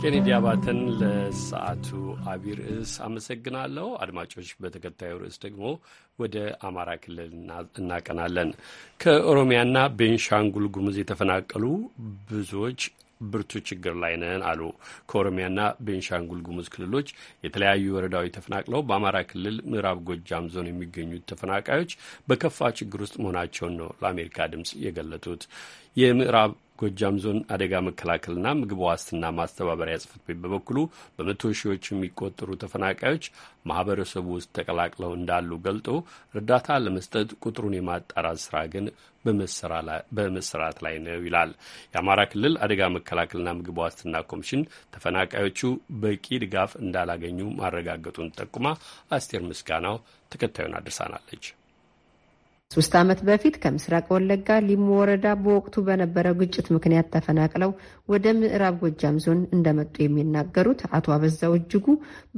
ኬኔዲ አባተን ለሰዓቱ አቢይ ርዕስ አመሰግናለሁ። አድማጮች፣ በተከታዩ ርዕስ ደግሞ ወደ አማራ ክልል እናቀናለን። ከኦሮሚያና ቤንሻንጉል ጉሙዝ የተፈናቀሉ ብዙዎች ብርቱ ችግር ላይ ነን አሉ። ከኦሮሚያና ቤንሻንጉል ጉሙዝ ክልሎች የተለያዩ ወረዳዎች ተፈናቅለው በአማራ ክልል ምዕራብ ጎጃም ዞን የሚገኙት ተፈናቃዮች በከፋ ችግር ውስጥ መሆናቸውን ነው ለአሜሪካ ድምጽ የገለጡት። የምዕራብ ጎጃም ዞን አደጋ መከላከልና ምግብ ዋስትና ማስተባበሪያ ጽፈት ቤት በበኩሉ በመቶ ሺዎች የሚቆጠሩ ተፈናቃዮች ማህበረሰቡ ውስጥ ተቀላቅለው እንዳሉ ገልጦ እርዳታ ለመስጠት ቁጥሩን የማጣራት ስራ ግን በመሰራት ላይ ነው ይላል። የአማራ ክልል አደጋ መከላከልና ምግብ ዋስትና ኮሚሽን ተፈናቃዮቹ በቂ ድጋፍ እንዳላገኙ ማረጋገጡን ጠቁማ አስቴር ምስጋናው ተከታዩን አድርሳናለች። ሶስት ዓመት በፊት ከምስራቅ ወለጋ ሊሞ ወረዳ በወቅቱ በነበረው ግጭት ምክንያት ተፈናቅለው ወደ ምዕራብ ጎጃም ዞን እንደመጡ የሚናገሩት አቶ አበዛው እጅጉ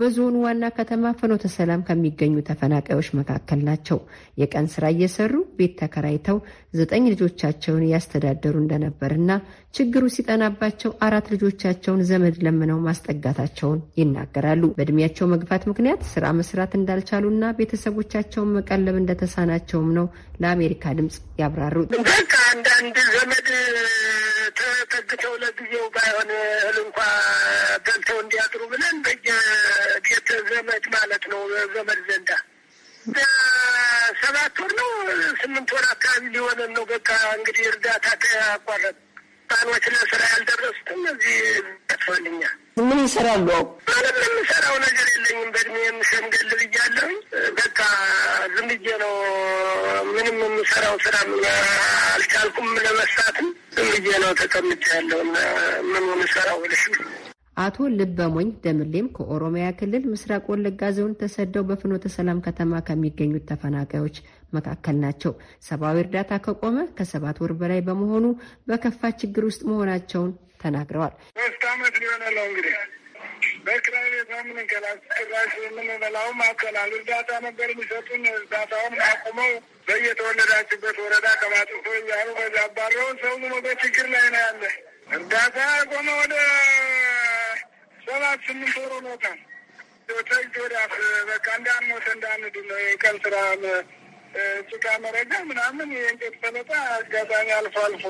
በዞኑ ዋና ከተማ ፍኖተ ሰላም ከሚገኙ ተፈናቃዮች መካከል ናቸው። የቀን ስራ እየሰሩ ቤት ተከራይተው ዘጠኝ ልጆቻቸውን እያስተዳደሩ እንደነበርና ችግሩ ሲጠናባቸው አራት ልጆቻቸውን ዘመድ ለምነው ማስጠጋታቸውን ይናገራሉ። በእድሜያቸው መግፋት ምክንያት ስራ መስራት እንዳልቻሉና ቤተሰቦቻቸውን መቀለብ እንደተሳናቸውም ነው ለአሜሪካ ድምፅ ያብራሩት። አንዳንድ ዘመድ ተጠግተው ለጊዜው ባይሆን እህል እንኳ በልተው እንዲያጥሩ ብለን በየቤት ዘመድ ማለት ነው ዘመድ ዘንዳ ሰባት ወር ነው ስምንት ወር አካባቢ ሊሆነን ነው። በቃ እንግዲህ እርዳታ ተያቋረጥ ባኖች ለስራ ያልደረሱት እነዚህ ጠፋልኛል። ምን ይሰራሉ? ምንም የምሰራው ነገር የለኝም። በእድሜ የምሸምገል ብያለሁ። በቃ ዝም ብዬ ነው ምንም የምሰራው ስራ አልቻልኩም። ለመስራትም ዝም ብዬ ነው ተቀምጫ ያለው ምን የምሰራው ልሽ አቶ ልበሞኝ ደምሌም ከኦሮሚያ ክልል ምስራቅ ወለጋ ዞን ተሰደው በፍኖተ ሰላም ከተማ ከሚገኙት ተፈናቃዮች መካከል ናቸው። ሰብአዊ እርዳታ ከቆመ ከሰባት ወር በላይ በመሆኑ በከፋ ችግር ውስጥ መሆናቸውን ተናግረዋል። ሶስት ዓመት ሊሆነው እንግዲህ በክራይ ቤት ነው የምንንከላቸው። ጭራሽ የምንበላውም አቀላል እርዳታ ነበር የሚሰጡን እርዳታውም አቁመው አጋጣሚ አልፎ አልፎ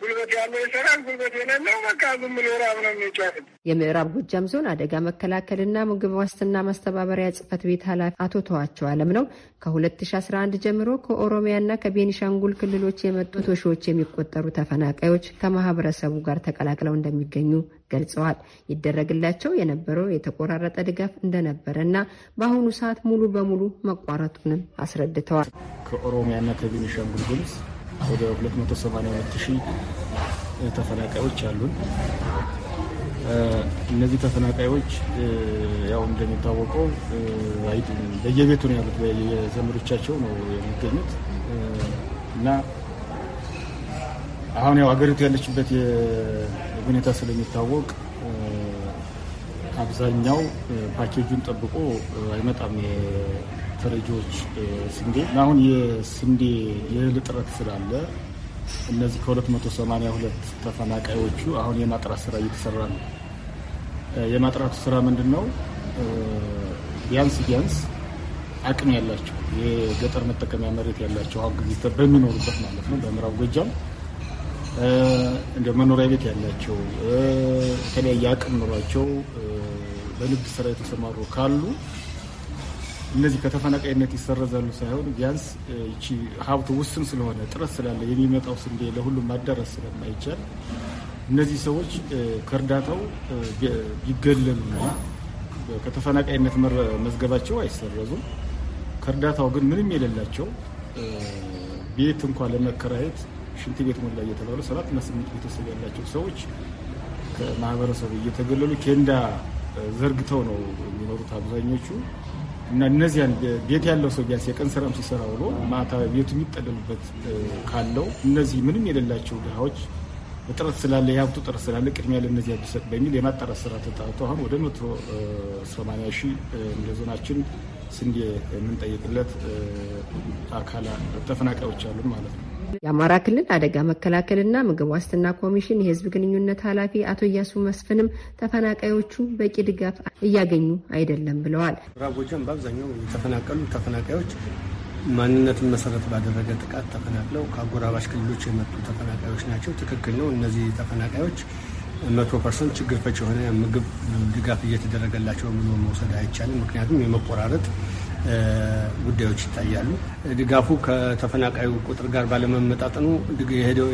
ጉልበት ያለው ይሰራል፣ ጉልበት የሌለው በቃ ዝም ብሎ ራብ ነው የሚጫል። የምዕራብ ጎጃም ዞን አደጋ መከላከልና ምግብ ዋስትና ማስተባበሪያ ጽህፈት ቤት ኃላፊ አቶ ተዋቸው አለም ነው ከ2011 ጀምሮ ከኦሮሚያና ከቤኒሻንጉል ክልሎች የመጡ ሺዎች የሚቆጠሩ ተፈናቃዮች ከማህበረሰቡ ጋር ተቀላቅለው እንደሚገኙ ገልጸዋል። ይደረግላቸው የነበረው የተቆራረጠ ድጋፍ እንደነበረ እና በአሁኑ ሰዓት ሙሉ በሙሉ መቋረጡንም አስረድተዋል። ከኦሮሚያና ከቤኒሻንጉል ወደ 282 ሺህ ተፈናቃዮች አሉን። እነዚህ ተፈናቃዮች ያው እንደሚታወቀው በየቤቱ ነው ያሉት፣ በየዘመዶቻቸው ነው የሚገኙት እና አሁን ያው ሀገሪቱ ያለችበት ሁኔታ ስለሚታወቅ አብዛኛው ፓኬጁን ጠብቆ አይመጣም። ተረጂዎች ስንዴ አሁን የስንዴ የእህል እጥረት ስላለ እነዚህ ከ282 ተፈናቃዮቹ አሁን የማጥራት ስራ እየተሰራ ነው። የማጥራቱ ስራ ምንድን ነው? ቢያንስ ቢያንስ አቅም ያላቸው የገጠር መጠቀሚያ መሬት ያላቸው አሁን ጊዜ በሚኖሩበት ማለት ነው በምዕራብ ጎጃም እንደ መኖሪያ ቤት ያላቸው የተለያየ አቅም ኖሯቸው በንግድ ስራ የተሰማሩ ካሉ እነዚህ ከተፈናቃይነት ይሰረዛሉ ሳይሆን ቢያንስ ይቺ ሀብቱ ውስን ስለሆነ ጥረት ስላለ የሚመጣው ስንዴ ለሁሉም ማዳረስ ስለማይቻል እነዚህ ሰዎች ከእርዳታው ቢገለሉና ከተፈናቃይነት መዝገባቸው አይሰረዙም። ከእርዳታው ግን ምንም የሌላቸው ቤት እንኳ ለመከራየት ሽንት ቤት ሞላ እየተባሉ ሰባት እና ስምንት ቤተሰብ ያላቸው ሰዎች ከማህበረሰቡ እየተገለሉ ኬንዳ ዘርግተው ነው የሚኖሩት አብዛኞቹ። እና እነዚያን ቤት ያለው ሰው ቢያንስ የቀን ስራም ሲሰራ ውሎ ማታ ቤቱ የሚጠለሉበት ካለው እነዚህ ምንም የሌላቸው ድሃዎች እጥረት ስላለ የሀብቱ ጥረት ስላለ ቅድሚያ ለእነዚህ ቢሰጥ በሚል የማጣራት ስራ ተጣርቶ አሁን ወደ መቶ ሰማንያ ሺህ እንደ ዞናችን ስንዴ የምንጠይቅለት አካላ ተፈናቃዮች አሉን ማለት ነው። የአማራ ክልል አደጋ መከላከልና ምግብ ዋስትና ኮሚሽን የህዝብ ግንኙነት ኃላፊ አቶ እያሱ መስፍንም ተፈናቃዮቹ በቂ ድጋፍ እያገኙ አይደለም ብለዋል። ምዕራብ ጎጃም በአብዛኛው የተፈናቀሉ ተፈናቃዮች ማንነትን መሰረት ባደረገ ጥቃት ተፈናቅለው ከአጎራባሽ ክልሎች የመጡ ተፈናቃዮች ናቸው። ትክክል ነው። እነዚህ ተፈናቃዮች መቶ ፐርሰንት ችግር ፈች የሆነ ምግብ ድጋፍ እየተደረገላቸው ብሎ መውሰድ አይቻልም። ምክንያቱም የመቆራረጥ ጉዳዮች ይታያሉ። ድጋፉ ከተፈናቃዩ ቁጥር ጋር ባለመመጣጠኑ የሄደው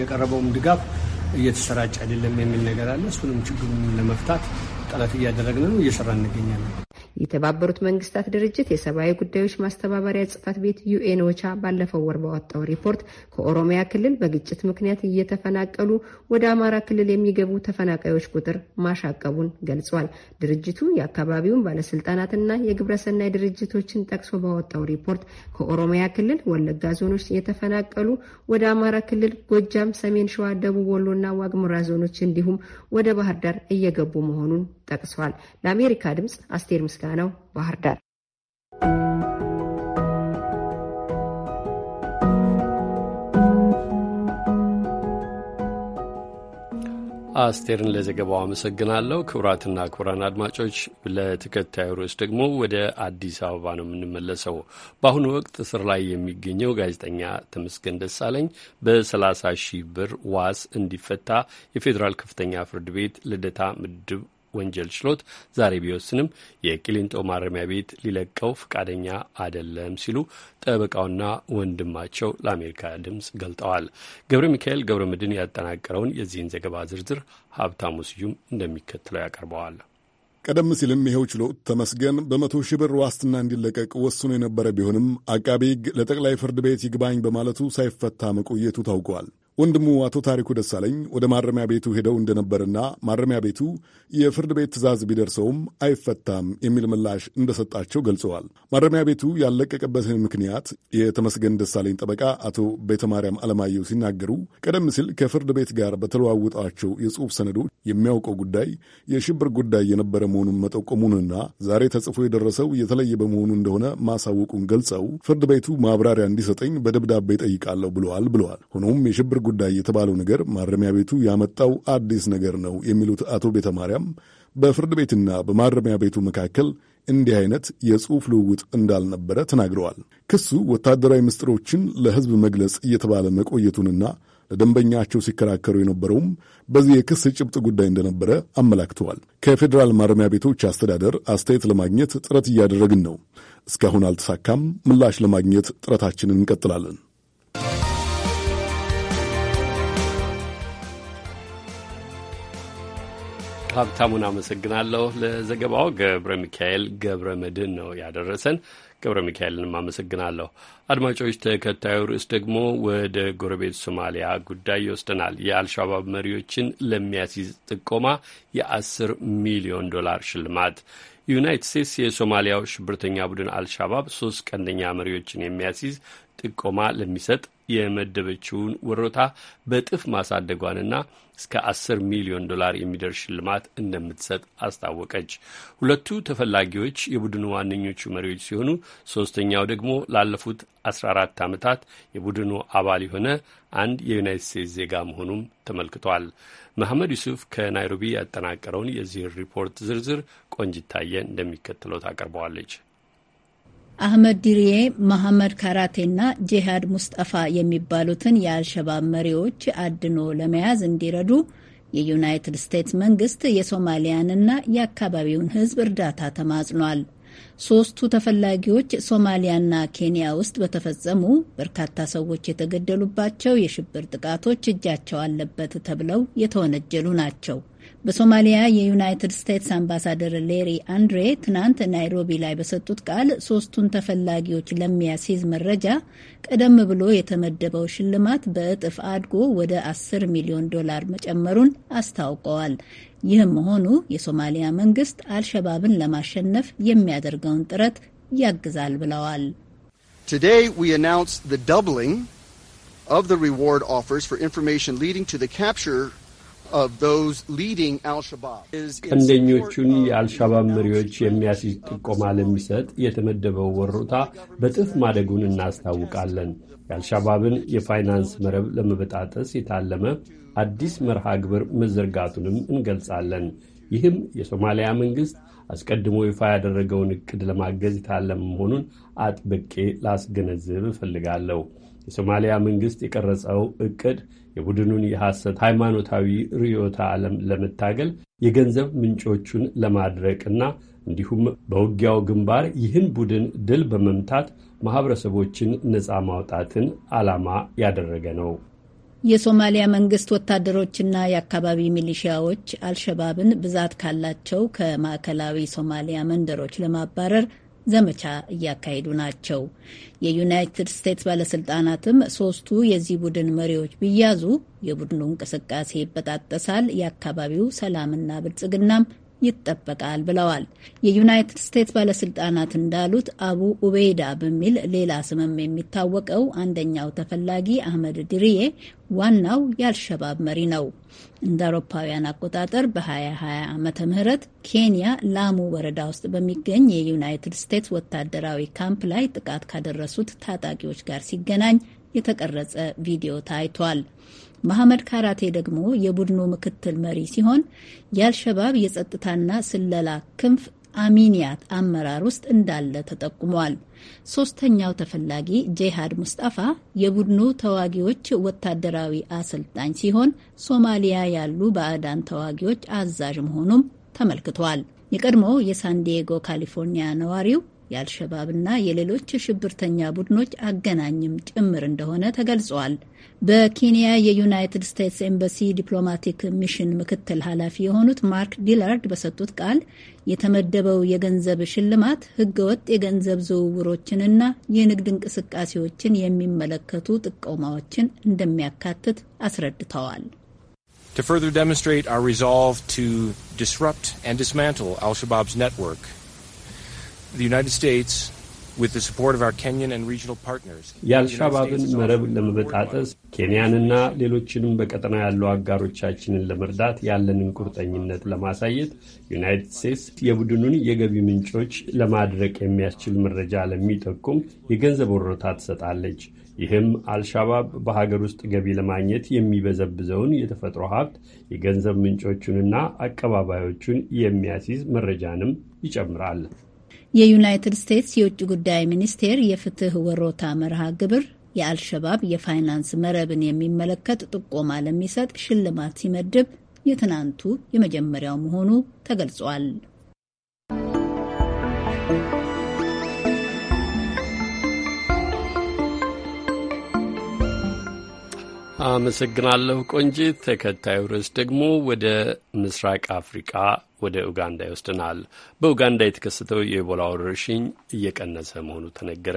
የቀረበውም ድጋፍ እየተሰራጭ አይደለም የሚል ነገር አለ። እሱንም ችግሩን ለመፍታት ጥረት እያደረግን ነው፣ እየሰራ እንገኛለን። የተባበሩት መንግስታት ድርጅት የሰብአዊ ጉዳዮች ማስተባበሪያ ጽህፈት ቤት ዩኤን ኦቻ ባለፈው ወር ባወጣው ሪፖርት ከኦሮሚያ ክልል በግጭት ምክንያት እየተፈናቀሉ ወደ አማራ ክልል የሚገቡ ተፈናቃዮች ቁጥር ማሻቀቡን ገልጿል። ድርጅቱ የአካባቢውን ባለስልጣናትና የግብረሰናይ ድርጅቶችን ጠቅሶ ባወጣው ሪፖርት ከኦሮሚያ ክልል ወለጋ ዞኖች የተፈናቀሉ ወደ አማራ ክልል ጎጃም፣ ሰሜን ሸዋ፣ ደቡብ ወሎና ዋግምራ ዞኖች እንዲሁም ወደ ባህር ዳር እየገቡ መሆኑን ጠቅሷል። ለአሜሪካ ድምጽ አስቴር ምስጋ ነው ባህር ዳር። አስቴርን ለዘገባው አመሰግናለሁ። ክቡራትና ክቡራን አድማጮች ለተከታዩ ርዕስ ደግሞ ወደ አዲስ አበባ ነው የምንመለሰው። በአሁኑ ወቅት እስር ላይ የሚገኘው ጋዜጠኛ ተመስገን ደሳለኝ በ30 ሺህ ብር ዋስ እንዲፈታ የፌዴራል ከፍተኛ ፍርድ ቤት ልደታ ምድብ ወንጀል ችሎት ዛሬ ቢወስንም የቅሊንጦ ማረሚያ ቤት ሊለቀው ፈቃደኛ አይደለም ሲሉ ጠበቃውና ወንድማቸው ለአሜሪካ ድምፅ ገልጠዋል። ገብረ ሚካኤል ገብረ ምድን ያጠናቀረውን የዚህን ዘገባ ዝርዝር ሀብታሙ ስዩም እንደሚከተለው ያቀርበዋል። ቀደም ሲልም ይኸው ችሎት ተመስገን በመቶ ሺህ ብር ዋስትና እንዲለቀቅ ወስኖ የነበረ ቢሆንም አቃቢ ሕግ ለጠቅላይ ፍርድ ቤት ይግባኝ በማለቱ ሳይፈታ መቆየቱ ታውቋል። ወንድሙ አቶ ታሪኩ ደሳለኝ ወደ ማረሚያ ቤቱ ሄደው እንደነበርና ማረሚያ ቤቱ የፍርድ ቤት ትዕዛዝ ቢደርሰውም አይፈታም የሚል ምላሽ እንደሰጣቸው ገልጸዋል። ማረሚያ ቤቱ ያለቀቀበትን ምክንያት የተመስገን ደሳለኝ ጠበቃ አቶ ቤተማርያም አለማየሁ ሲናገሩ ቀደም ሲል ከፍርድ ቤት ጋር በተለዋውጧቸው የጽሑፍ ሰነዶች የሚያውቀው ጉዳይ የሽብር ጉዳይ የነበረ መሆኑን መጠቆሙንና ዛሬ ተጽፎ የደረሰው የተለየ በመሆኑ እንደሆነ ማሳወቁን ገልጸው ፍርድ ቤቱ ማብራሪያ እንዲሰጠኝ በደብዳቤ ጠይቃለሁ ብለዋል ብለዋል። ሆኖም የሽብር ጉዳይ የተባለው ነገር ማረሚያ ቤቱ ያመጣው አዲስ ነገር ነው የሚሉት አቶ ቤተ ማርያም በፍርድ ቤትና በማረሚያ ቤቱ መካከል እንዲህ አይነት የጽሑፍ ልውውጥ እንዳልነበረ ተናግረዋል። ክሱ ወታደራዊ ምስጢሮችን ለሕዝብ መግለጽ እየተባለ መቆየቱንና ለደንበኛቸው ሲከራከሩ የነበረውም በዚህ የክስ ጭብጥ ጉዳይ እንደነበረ አመላክተዋል። ከፌዴራል ማረሚያ ቤቶች አስተዳደር አስተያየት ለማግኘት ጥረት እያደረግን ነው። እስካሁን አልተሳካም። ምላሽ ለማግኘት ጥረታችንን እንቀጥላለን። ሀብታሙን አመሰግናለሁ ለዘገባው። ገብረ ሚካኤል ገብረ መድን ነው ያደረሰን። ገብረ ሚካኤልንም አመሰግናለሁ። አድማጮች፣ ተከታዩ ርዕስ ደግሞ ወደ ጎረቤት ሶማሊያ ጉዳይ ይወስደናል። የአልሻባብ መሪዎችን ለሚያስይዝ ጥቆማ የአስር ሚሊዮን ዶላር ሽልማት ዩናይትድ ስቴትስ የሶማሊያው ሽብርተኛ ቡድን አልሻባብ ሶስት ቀንደኛ መሪዎችን የሚያስይዝ ጥቆማ ለሚሰጥ የመደበችውን ወሮታ በጥፍ ማሳደጓንና እስከ አስር ሚሊዮን ዶላር የሚደርስ ሽልማት እንደምትሰጥ አስታወቀች። ሁለቱ ተፈላጊዎች የቡድኑ ዋነኞቹ መሪዎች ሲሆኑ ሶስተኛው ደግሞ ላለፉት 14 ዓመታት የቡድኑ አባል የሆነ አንድ የዩናይትድ ስቴትስ ዜጋ መሆኑም ተመልክቷል። መሐመድ ዩሱፍ ከናይሮቢ ያጠናቀረውን የዚህ ሪፖርት ዝርዝር ቆንጅታየ እንደሚከተለው ታቀርበዋለች። አህመድ ዲሪዬ፣ መሐመድ ካራቴና ጂሃድ ሙስጠፋ የሚባሉትን የአልሸባብ መሪዎች አድኖ ለመያዝ እንዲረዱ የዩናይትድ ስቴትስ መንግስት የሶማሊያንና የአካባቢውን ሕዝብ እርዳታ ተማጽኗል። ሶስቱ ተፈላጊዎች ሶማሊያና ኬንያ ውስጥ በተፈጸሙ በርካታ ሰዎች የተገደሉባቸው የሽብር ጥቃቶች እጃቸው አለበት ተብለው የተወነጀሉ ናቸው። በሶማሊያ የዩናይትድ ስቴትስ አምባሳደር ሌሪ አንድሬ ትናንት ናይሮቢ ላይ በሰጡት ቃል ሶስቱን ተፈላጊዎች ለሚያስይዝ መረጃ ቀደም ብሎ የተመደበው ሽልማት በእጥፍ አድጎ ወደ 10 ሚሊዮን ዶላር መጨመሩን አስታውቀዋል። ይህም መሆኑ የሶማሊያ መንግስት አልሸባብን ለማሸነፍ የሚያደርገውን ጥረት ያግዛል ብለዋል። Today we announced the doubling of the reward offers for information leading to the capture ቀንደኞቹን የአልሻባብ መሪዎች የሚያስይዝ ጥቆማ ለሚሰጥ የተመደበው ወሮታ በጥፍ ማደጉን እናስታውቃለን። የአልሻባብን የፋይናንስ መረብ ለመበጣጠስ የታለመ አዲስ መርሃ ግብር መዘርጋቱንም እንገልጻለን። ይህም የሶማሊያ መንግሥት አስቀድሞ ይፋ ያደረገውን እቅድ ለማገዝ የታለመ መሆኑን አጥብቄ ላስገነዝብ እፈልጋለሁ። የሶማሊያ መንግስት የቀረጸው እቅድ የቡድኑን የሐሰት ሃይማኖታዊ ርዕዮተ ዓለም ለመታገል የገንዘብ ምንጮቹን ለማድረቅና እንዲሁም በውጊያው ግንባር ይህን ቡድን ድል በመምታት ማኅበረሰቦችን ነፃ ማውጣትን ዓላማ ያደረገ ነው። የሶማሊያ መንግስት ወታደሮችና የአካባቢ ሚሊሺያዎች አልሸባብን ብዛት ካላቸው ከማዕከላዊ ሶማሊያ መንደሮች ለማባረር ዘመቻ እያካሄዱ ናቸው። የዩናይትድ ስቴትስ ባለስልጣናትም ሶስቱ የዚህ ቡድን መሪዎች ቢያዙ የቡድኑ እንቅስቃሴ ይበጣጠሳል፣ የአካባቢው ሰላምና ብልጽግናም ይጠበቃል ብለዋል። የዩናይትድ ስቴትስ ባለስልጣናት እንዳሉት አቡ ኡበይዳ በሚል ሌላ ስምም የሚታወቀው አንደኛው ተፈላጊ አህመድ ድርዬ ዋናው የአልሸባብ መሪ ነው። እንደ አውሮፓውያን አቆጣጠር በ2020 ዓመተ ምህረት ኬንያ ላሙ ወረዳ ውስጥ በሚገኝ የዩናይትድ ስቴትስ ወታደራዊ ካምፕ ላይ ጥቃት ካደረሱት ታጣቂዎች ጋር ሲገናኝ የተቀረጸ ቪዲዮ ታይቷል። መሐመድ ካራቴ ደግሞ የቡድኑ ምክትል መሪ ሲሆን የአልሸባብ የጸጥታና ስለላ ክንፍ አሚኒያት አመራር ውስጥ እንዳለ ተጠቁሟል። ሶስተኛው ተፈላጊ ጄሃድ ሙስጣፋ የቡድኑ ተዋጊዎች ወታደራዊ አሰልጣኝ ሲሆን ሶማሊያ ያሉ ባዕዳን ተዋጊዎች አዛዥ መሆኑም ተመልክቷል። የቀድሞ የሳንዲየጎ ካሊፎርኒያ ነዋሪው የአልሸባብና የሌሎች ሽብርተኛ ቡድኖች አገናኝም ጭምር እንደሆነ ተገልጿል። በኬንያ የዩናይትድ ስቴትስ ኤምባሲ ዲፕሎማቲክ ሚሽን ምክትል ኃላፊ የሆኑት ማርክ ዲላርድ በሰጡት ቃል የተመደበው የገንዘብ ሽልማት ወጥ የገንዘብ ዝውውሮችንና የንግድ እንቅስቃሴዎችን የሚመለከቱ ጥቆማዎችን እንደሚያካትት አስረድተዋል። To further demonstrate our resolve to disrupt and dismantle Al-Shabaab's network, the United States የአልሻባብን መረብ ለመበጣጠስ ኬንያንና ሌሎችንም በቀጠና ያሉ አጋሮቻችንን ለመርዳት ያለንን ቁርጠኝነት ለማሳየት ዩናይትድ ስቴትስ የቡድኑን የገቢ ምንጮች ለማድረቅ የሚያስችል መረጃ ለሚጠቁም የገንዘብ ወረታ ትሰጣለች። ይህም አልሻባብ በሀገር ውስጥ ገቢ ለማግኘት የሚበዘብዘውን የተፈጥሮ ሀብት የገንዘብ ምንጮቹንና አቀባባዮቹን የሚያስይዝ መረጃንም ይጨምራል። የዩናይትድ ስቴትስ የውጭ ጉዳይ ሚኒስቴር የፍትህ ወሮታ መርሃ ግብር የአልሸባብ የፋይናንስ መረብን የሚመለከት ጥቆማ ለሚሰጥ ሽልማት ሲመድብ የትናንቱ የመጀመሪያው መሆኑ ተገልጿል። አመሰግናለሁ ቆንጂት። ተከታዩ ርዕስ ደግሞ ወደ ምስራቅ አፍሪቃ ወደ ኡጋንዳ ይወስደናል። በኡጋንዳ የተከሰተው የኢቦላ ወረርሽኝ እየቀነሰ መሆኑ ተነገረ።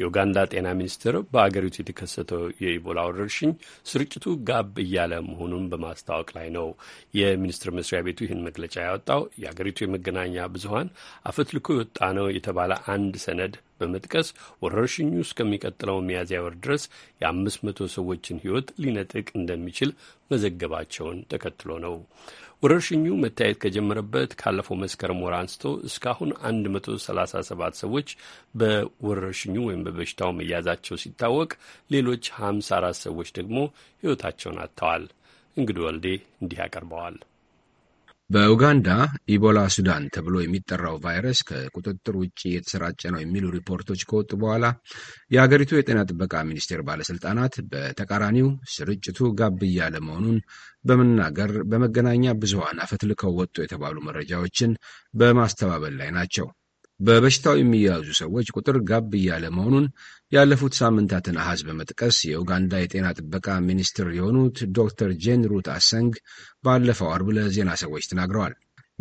የኡጋንዳ ጤና ሚኒስቴር በአገሪቱ የተከሰተው የኢቦላ ወረርሽኝ ስርጭቱ ጋብ እያለ መሆኑን በማስታወቅ ላይ ነው። የሚኒስቴር መስሪያ ቤቱ ይህን መግለጫ ያወጣው የአገሪቱ የመገናኛ ብዙኃን አፈትልኮ የወጣ ነው የተባለ አንድ ሰነድ በመጥቀስ ወረርሽኙ እስከሚቀጥለው ሚያዝያ ወር ድረስ የአምስት መቶ ሰዎችን ሕይወት ሊነጥቅ እንደሚችል መዘገባቸውን ተከትሎ ነው። ወረርሽኙ መታየት ከጀመረበት ካለፈው መስከረም ወር አንስቶ እስካሁን 137 ሰዎች በወረርሽኙ ወይም በበሽታው መያዛቸው ሲታወቅ ሌሎች 54 ሰዎች ደግሞ ሕይወታቸውን አጥተዋል። እንግዲህ ወልዴ እንዲህ ያቀርበዋል። በኡጋንዳ ኢቦላ ሱዳን ተብሎ የሚጠራው ቫይረስ ከቁጥጥር ውጭ የተሰራጨ ነው የሚሉ ሪፖርቶች ከወጡ በኋላ የሀገሪቱ የጤና ጥበቃ ሚኒስቴር ባለስልጣናት በተቃራኒው ስርጭቱ ጋብ እያለ መሆኑን በመናገር በመገናኛ ብዙኃን አፈትልከው ወጡ የተባሉ መረጃዎችን በማስተባበል ላይ ናቸው። በበሽታው የሚያዙ ሰዎች ቁጥር ጋብ እያለ መሆኑን ያለፉት ሳምንታትን አሃዝ በመጥቀስ የኡጋንዳ የጤና ጥበቃ ሚኒስትር የሆኑት ዶክተር ጄን ሩት አሰንግ ባለፈው አርብ ለዜና ሰዎች ተናግረዋል።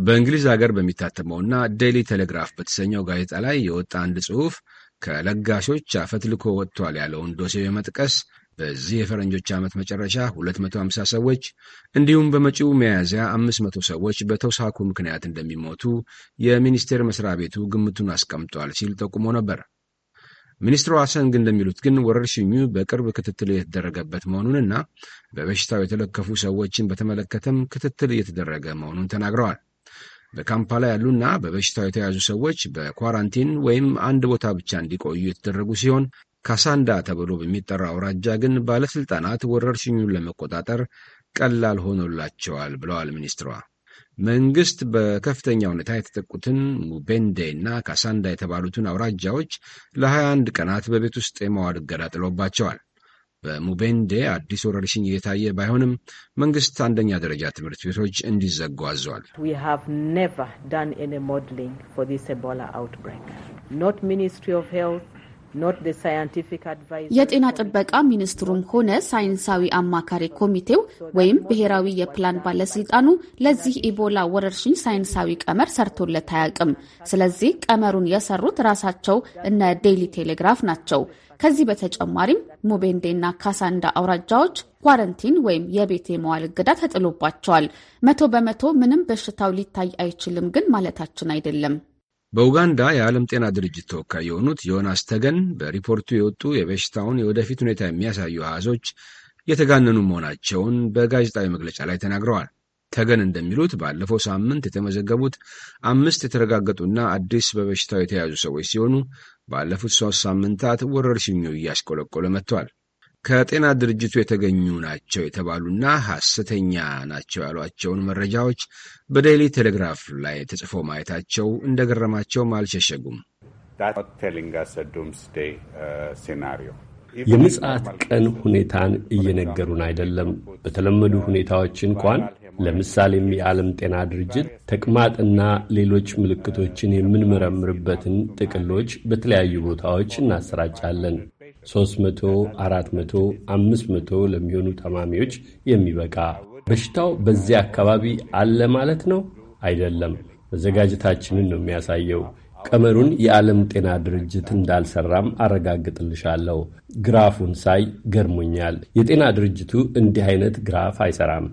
በእንግሊዝ ሀገር በሚታተመውና ዴይሊ ቴሌግራፍ በተሰኘው ጋዜጣ ላይ የወጣ አንድ ጽሑፍ ከለጋሾች አፈትልኮ ወጥቷል ያለውን ዶሴ በመጥቀስ በዚህ የፈረንጆች ዓመት መጨረሻ 250 ሰዎች እንዲሁም በመጪው ሚያዝያ 500 ሰዎች በተውሳኩ ምክንያት እንደሚሞቱ የሚኒስቴር መስሪያ ቤቱ ግምቱን አስቀምጧል ሲል ጠቁሞ ነበር። ሚኒስትሩ አሰንግ እንደሚሉት ግን ወረርሽኙ በቅርብ ክትትል የተደረገበት መሆኑንና በበሽታው የተለከፉ ሰዎችን በተመለከተም ክትትል እየተደረገ መሆኑን ተናግረዋል። በካምፓላ ያሉና በበሽታው የተያዙ ሰዎች በኳራንቲን ወይም አንድ ቦታ ብቻ እንዲቆዩ የተደረጉ ሲሆን ካሳንዳ ተብሎ በሚጠራ አውራጃ ግን ባለሥልጣናት ወረርሽኙን ለመቆጣጠር ቀላል ሆኖላቸዋል ብለዋል ሚኒስትሯ። መንግሥት በከፍተኛ ሁኔታ የተጠቁትን ሙቤንዴ እና ካሳንዳ የተባሉትን አውራጃዎች ለ21 ቀናት በቤት ውስጥ የመዋል እገዳ ጥሎባቸዋል። በሙቤንዴ አዲስ ወረርሽኝ እየታየ ባይሆንም መንግስት አንደኛ ደረጃ ትምህርት ቤቶች እንዲዘጉ አዟል። የጤና ጥበቃ ሚኒስትሩም ሆነ ሳይንሳዊ አማካሪ ኮሚቴው ወይም ብሔራዊ የፕላን ባለስልጣኑ ለዚህ ኢቦላ ወረርሽኝ ሳይንሳዊ ቀመር ሰርቶለት አያውቅም። ስለዚህ ቀመሩን የሰሩት ራሳቸው እነ ዴይሊ ቴሌግራፍ ናቸው። ከዚህ በተጨማሪም ሙቤንዴና ካሳንዳ አውራጃዎች ኳረንቲን ወይም የቤት የመዋል እገዳ ተጥሎባቸዋል። መቶ በመቶ ምንም በሽታው ሊታይ አይችልም ግን ማለታችን አይደለም። በኡጋንዳ የዓለም ጤና ድርጅት ተወካይ የሆኑት ዮናስ ተገን በሪፖርቱ የወጡ የበሽታውን የወደፊት ሁኔታ የሚያሳዩ አሃዞች የተጋነኑ መሆናቸውን በጋዜጣዊ መግለጫ ላይ ተናግረዋል። ተገን እንደሚሉት ባለፈው ሳምንት የተመዘገቡት አምስት የተረጋገጡና አዲስ በበሽታው የተያዙ ሰዎች ሲሆኑ ባለፉት ሶስት ሳምንታት ወረርሽኙ እያሽቆለቆለ መጥቷል። ከጤና ድርጅቱ የተገኙ ናቸው የተባሉና ሐሰተኛ ናቸው ያሏቸውን መረጃዎች በዴይሊ ቴሌግራፍ ላይ ተጽፎ ማየታቸው እንደገረማቸውም አልሸሸጉም። uh, የምጽአት ቀን ሁኔታን እየነገሩን አይደለም። በተለመዱ ሁኔታዎች እንኳን ለምሳሌም የዓለም ጤና ድርጅት ተቅማጥና ሌሎች ምልክቶችን የምንመረምርበትን ጥቅሎች በተለያዩ ቦታዎች እናሰራጫለን። ሦስት መቶ አራት መቶ አምስት መቶ ለሚሆኑ ታማሚዎች የሚበቃ በሽታው በዚያ አካባቢ አለ ማለት ነው አይደለም። መዘጋጀታችንን ነው የሚያሳየው። ቀመሩን የዓለም ጤና ድርጅት እንዳልሰራም አረጋግጥልሻለሁ። ግራፉን ሳይ ገርሞኛል። የጤና ድርጅቱ እንዲህ አይነት ግራፍ አይሰራም።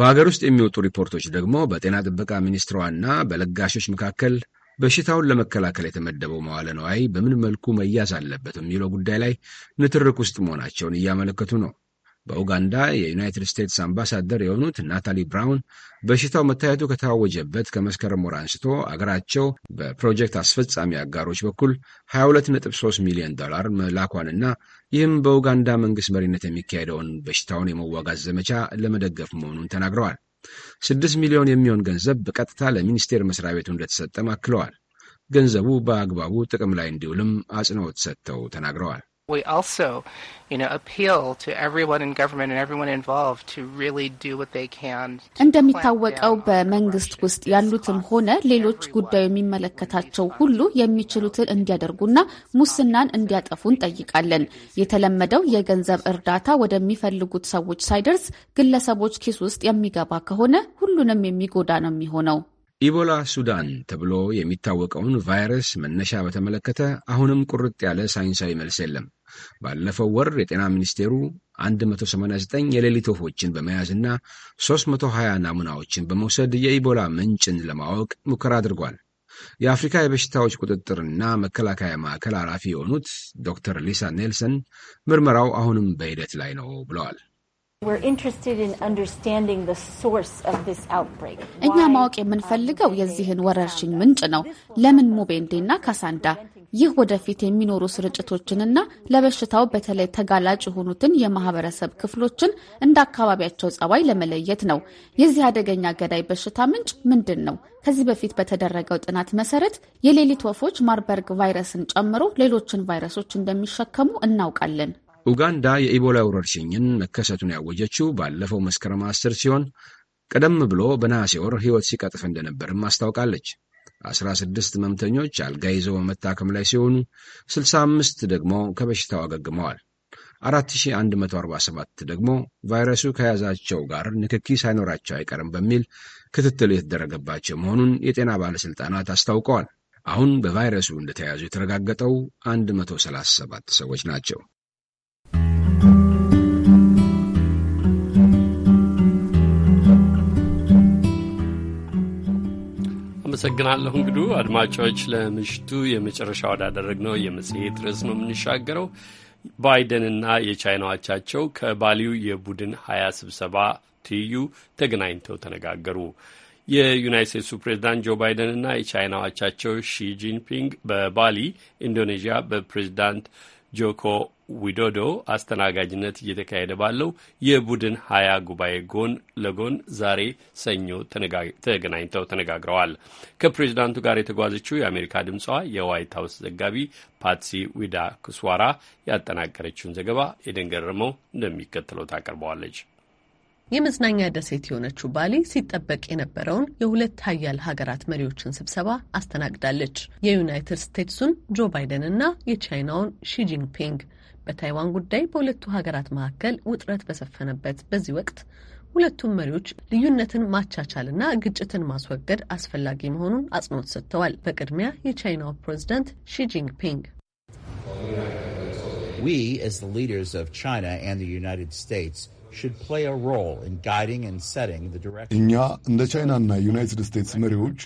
በሀገር ውስጥ የሚወጡ ሪፖርቶች ደግሞ በጤና ጥበቃ ሚኒስትሯና በለጋሾች መካከል በሽታውን ለመከላከል የተመደበው መዋለ ነዋይ በምን መልኩ መያዝ አለበት የሚለው ጉዳይ ላይ ንትርክ ውስጥ መሆናቸውን እያመለከቱ ነው። በኡጋንዳ የዩናይትድ ስቴትስ አምባሳደር የሆኑት ናታሊ ብራውን በሽታው መታየቱ ከታወጀበት ከመስከረም ወር አንስቶ አገራቸው በፕሮጀክት አስፈጻሚ አጋሮች በኩል 22.3 ሚሊዮን ዶላር መላኳንና ይህም በኡጋንዳ መንግስት መሪነት የሚካሄደውን በሽታውን የመዋጋት ዘመቻ ለመደገፍ መሆኑን ተናግረዋል። ስድስት ሚሊዮን የሚሆን ገንዘብ በቀጥታ ለሚኒስቴር መስሪያ ቤቱ እንደተሰጠም አክለዋል። ገንዘቡ በአግባቡ ጥቅም ላይ እንዲውልም አጽንኦት ሰጥተው ተናግረዋል። we also, you know, appeal to everyone in government and everyone involved to really do what they can. እንደሚታወቀው በመንግስት ውስጥ ያሉትም ሆነ ሌሎች ጉዳዩ የሚመለከታቸው ሁሉ የሚችሉትን እንዲያደርጉና ሙስናን እንዲያጠፉ እንጠይቃለን። የተለመደው የገንዘብ እርዳታ ወደሚፈልጉት ሰዎች ሳይደርስ ግለሰቦች ኪስ ውስጥ የሚገባ ከሆነ ሁሉንም የሚጎዳ ነው የሚሆነው። ኢቦላ ሱዳን ተብሎ የሚታወቀውን ቫይረስ መነሻ በተመለከተ አሁንም ቁርጥ ያለ ሳይንሳዊ መልስ የለም። ባለፈው ወር የጤና ሚኒስቴሩ 189 የሌሊት ወፎችን በመያዝና 320 ናሙናዎችን በመውሰድ የኢቦላ ምንጭን ለማወቅ ሙከራ አድርጓል። የአፍሪካ የበሽታዎች ቁጥጥርና መከላከያ ማዕከል ኃላፊ የሆኑት ዶክተር ሊሳ ኔልሰን ምርመራው አሁንም በሂደት ላይ ነው ብለዋል። እኛ ማወቅ የምንፈልገው የዚህን ወረርሽኝ ምንጭ ነው። ለምን ሙቤንዴና ካሳንዳ? ይህ ወደፊት የሚኖሩ ስርጭቶችንና ለበሽታው በተለይ ተጋላጭ የሆኑትን የማህበረሰብ ክፍሎችን እንደ አካባቢያቸው ጸባይ ለመለየት ነው። የዚህ አደገኛ ገዳይ በሽታ ምንጭ ምንድን ነው? ከዚህ በፊት በተደረገው ጥናት መሰረት የሌሊት ወፎች ማርበርግ ቫይረስን ጨምሮ ሌሎችን ቫይረሶች እንደሚሸከሙ እናውቃለን። ኡጋንዳ የኢቦላ ወረርሽኝን መከሰቱን ያወጀችው ባለፈው መስከረም አስር ሲሆን ቀደም ብሎ በነሐሴ ወር ሕይወት ሲቀጥፍ እንደነበርም አስታውቃለች። 16 ሕመምተኞች አልጋ ይዘው በመታከም ላይ ሲሆኑ 65 ደግሞ ከበሽታው አገግመዋል። 4147 ደግሞ ቫይረሱ ከያዛቸው ጋር ንክኪ ሳይኖራቸው አይቀርም በሚል ክትትል የተደረገባቸው መሆኑን የጤና ባለሥልጣናት አስታውቀዋል። አሁን በቫይረሱ እንደተያዙ የተረጋገጠው 137 ሰዎች ናቸው። አመሰግናለሁ እንግዱ። አድማጮች ለምሽቱ የመጨረሻ ወዳደረግነው የመጽሔት ርዕስ ነው የምንሻገረው። ባይደንና የቻይናዎቻቸው ከባሊው የቡድን ሀያ ስብሰባ ትይዩ ተገናኝተው ተነጋገሩ። የዩናይት ስቴትሱ ፕሬዚዳንት ጆ ባይደንና የቻይናዎቻቸው ሺጂንፒንግ በባሊ ኢንዶኔዥያ በፕሬዚዳንት ጆኮ ዊዶዶ አስተናጋጅነት እየተካሄደ ባለው የቡድን ሀያ ጉባኤ ጎን ለጎን ዛሬ ሰኞ ተገናኝተው ተነጋግረዋል። ከፕሬዚዳንቱ ጋር የተጓዘችው የአሜሪካ ድምጿ የዋይት ሀውስ ዘጋቢ ፓትሲ ዊዳ ክስዋራ ያጠናቀረችውን ዘገባ የደንገረመው እንደሚከተለው ታቀርበዋለች። የመዝናኛ ደሴት የሆነችው ባሊ ሲጠበቅ የነበረውን የሁለት ሀያል ሀገራት መሪዎችን ስብሰባ አስተናግዳለች። የዩናይትድ ስቴትሱን ጆ ባይደን እና የቻይናውን ሺጂንፒንግ በታይዋን ጉዳይ በሁለቱ ሀገራት መካከል ውጥረት በሰፈነበት በዚህ ወቅት ሁለቱም መሪዎች ልዩነትን ማቻቻልና ግጭትን ማስወገድ አስፈላጊ መሆኑን አጽንኦት ሰጥተዋል። በቅድሚያ የቻይናው ፕሬዚዳንት ሺጂንፒንግ We, as the leaders of China and the United States, እኛ እንደ ቻይናና ዩናይትድ ስቴትስ መሪዎች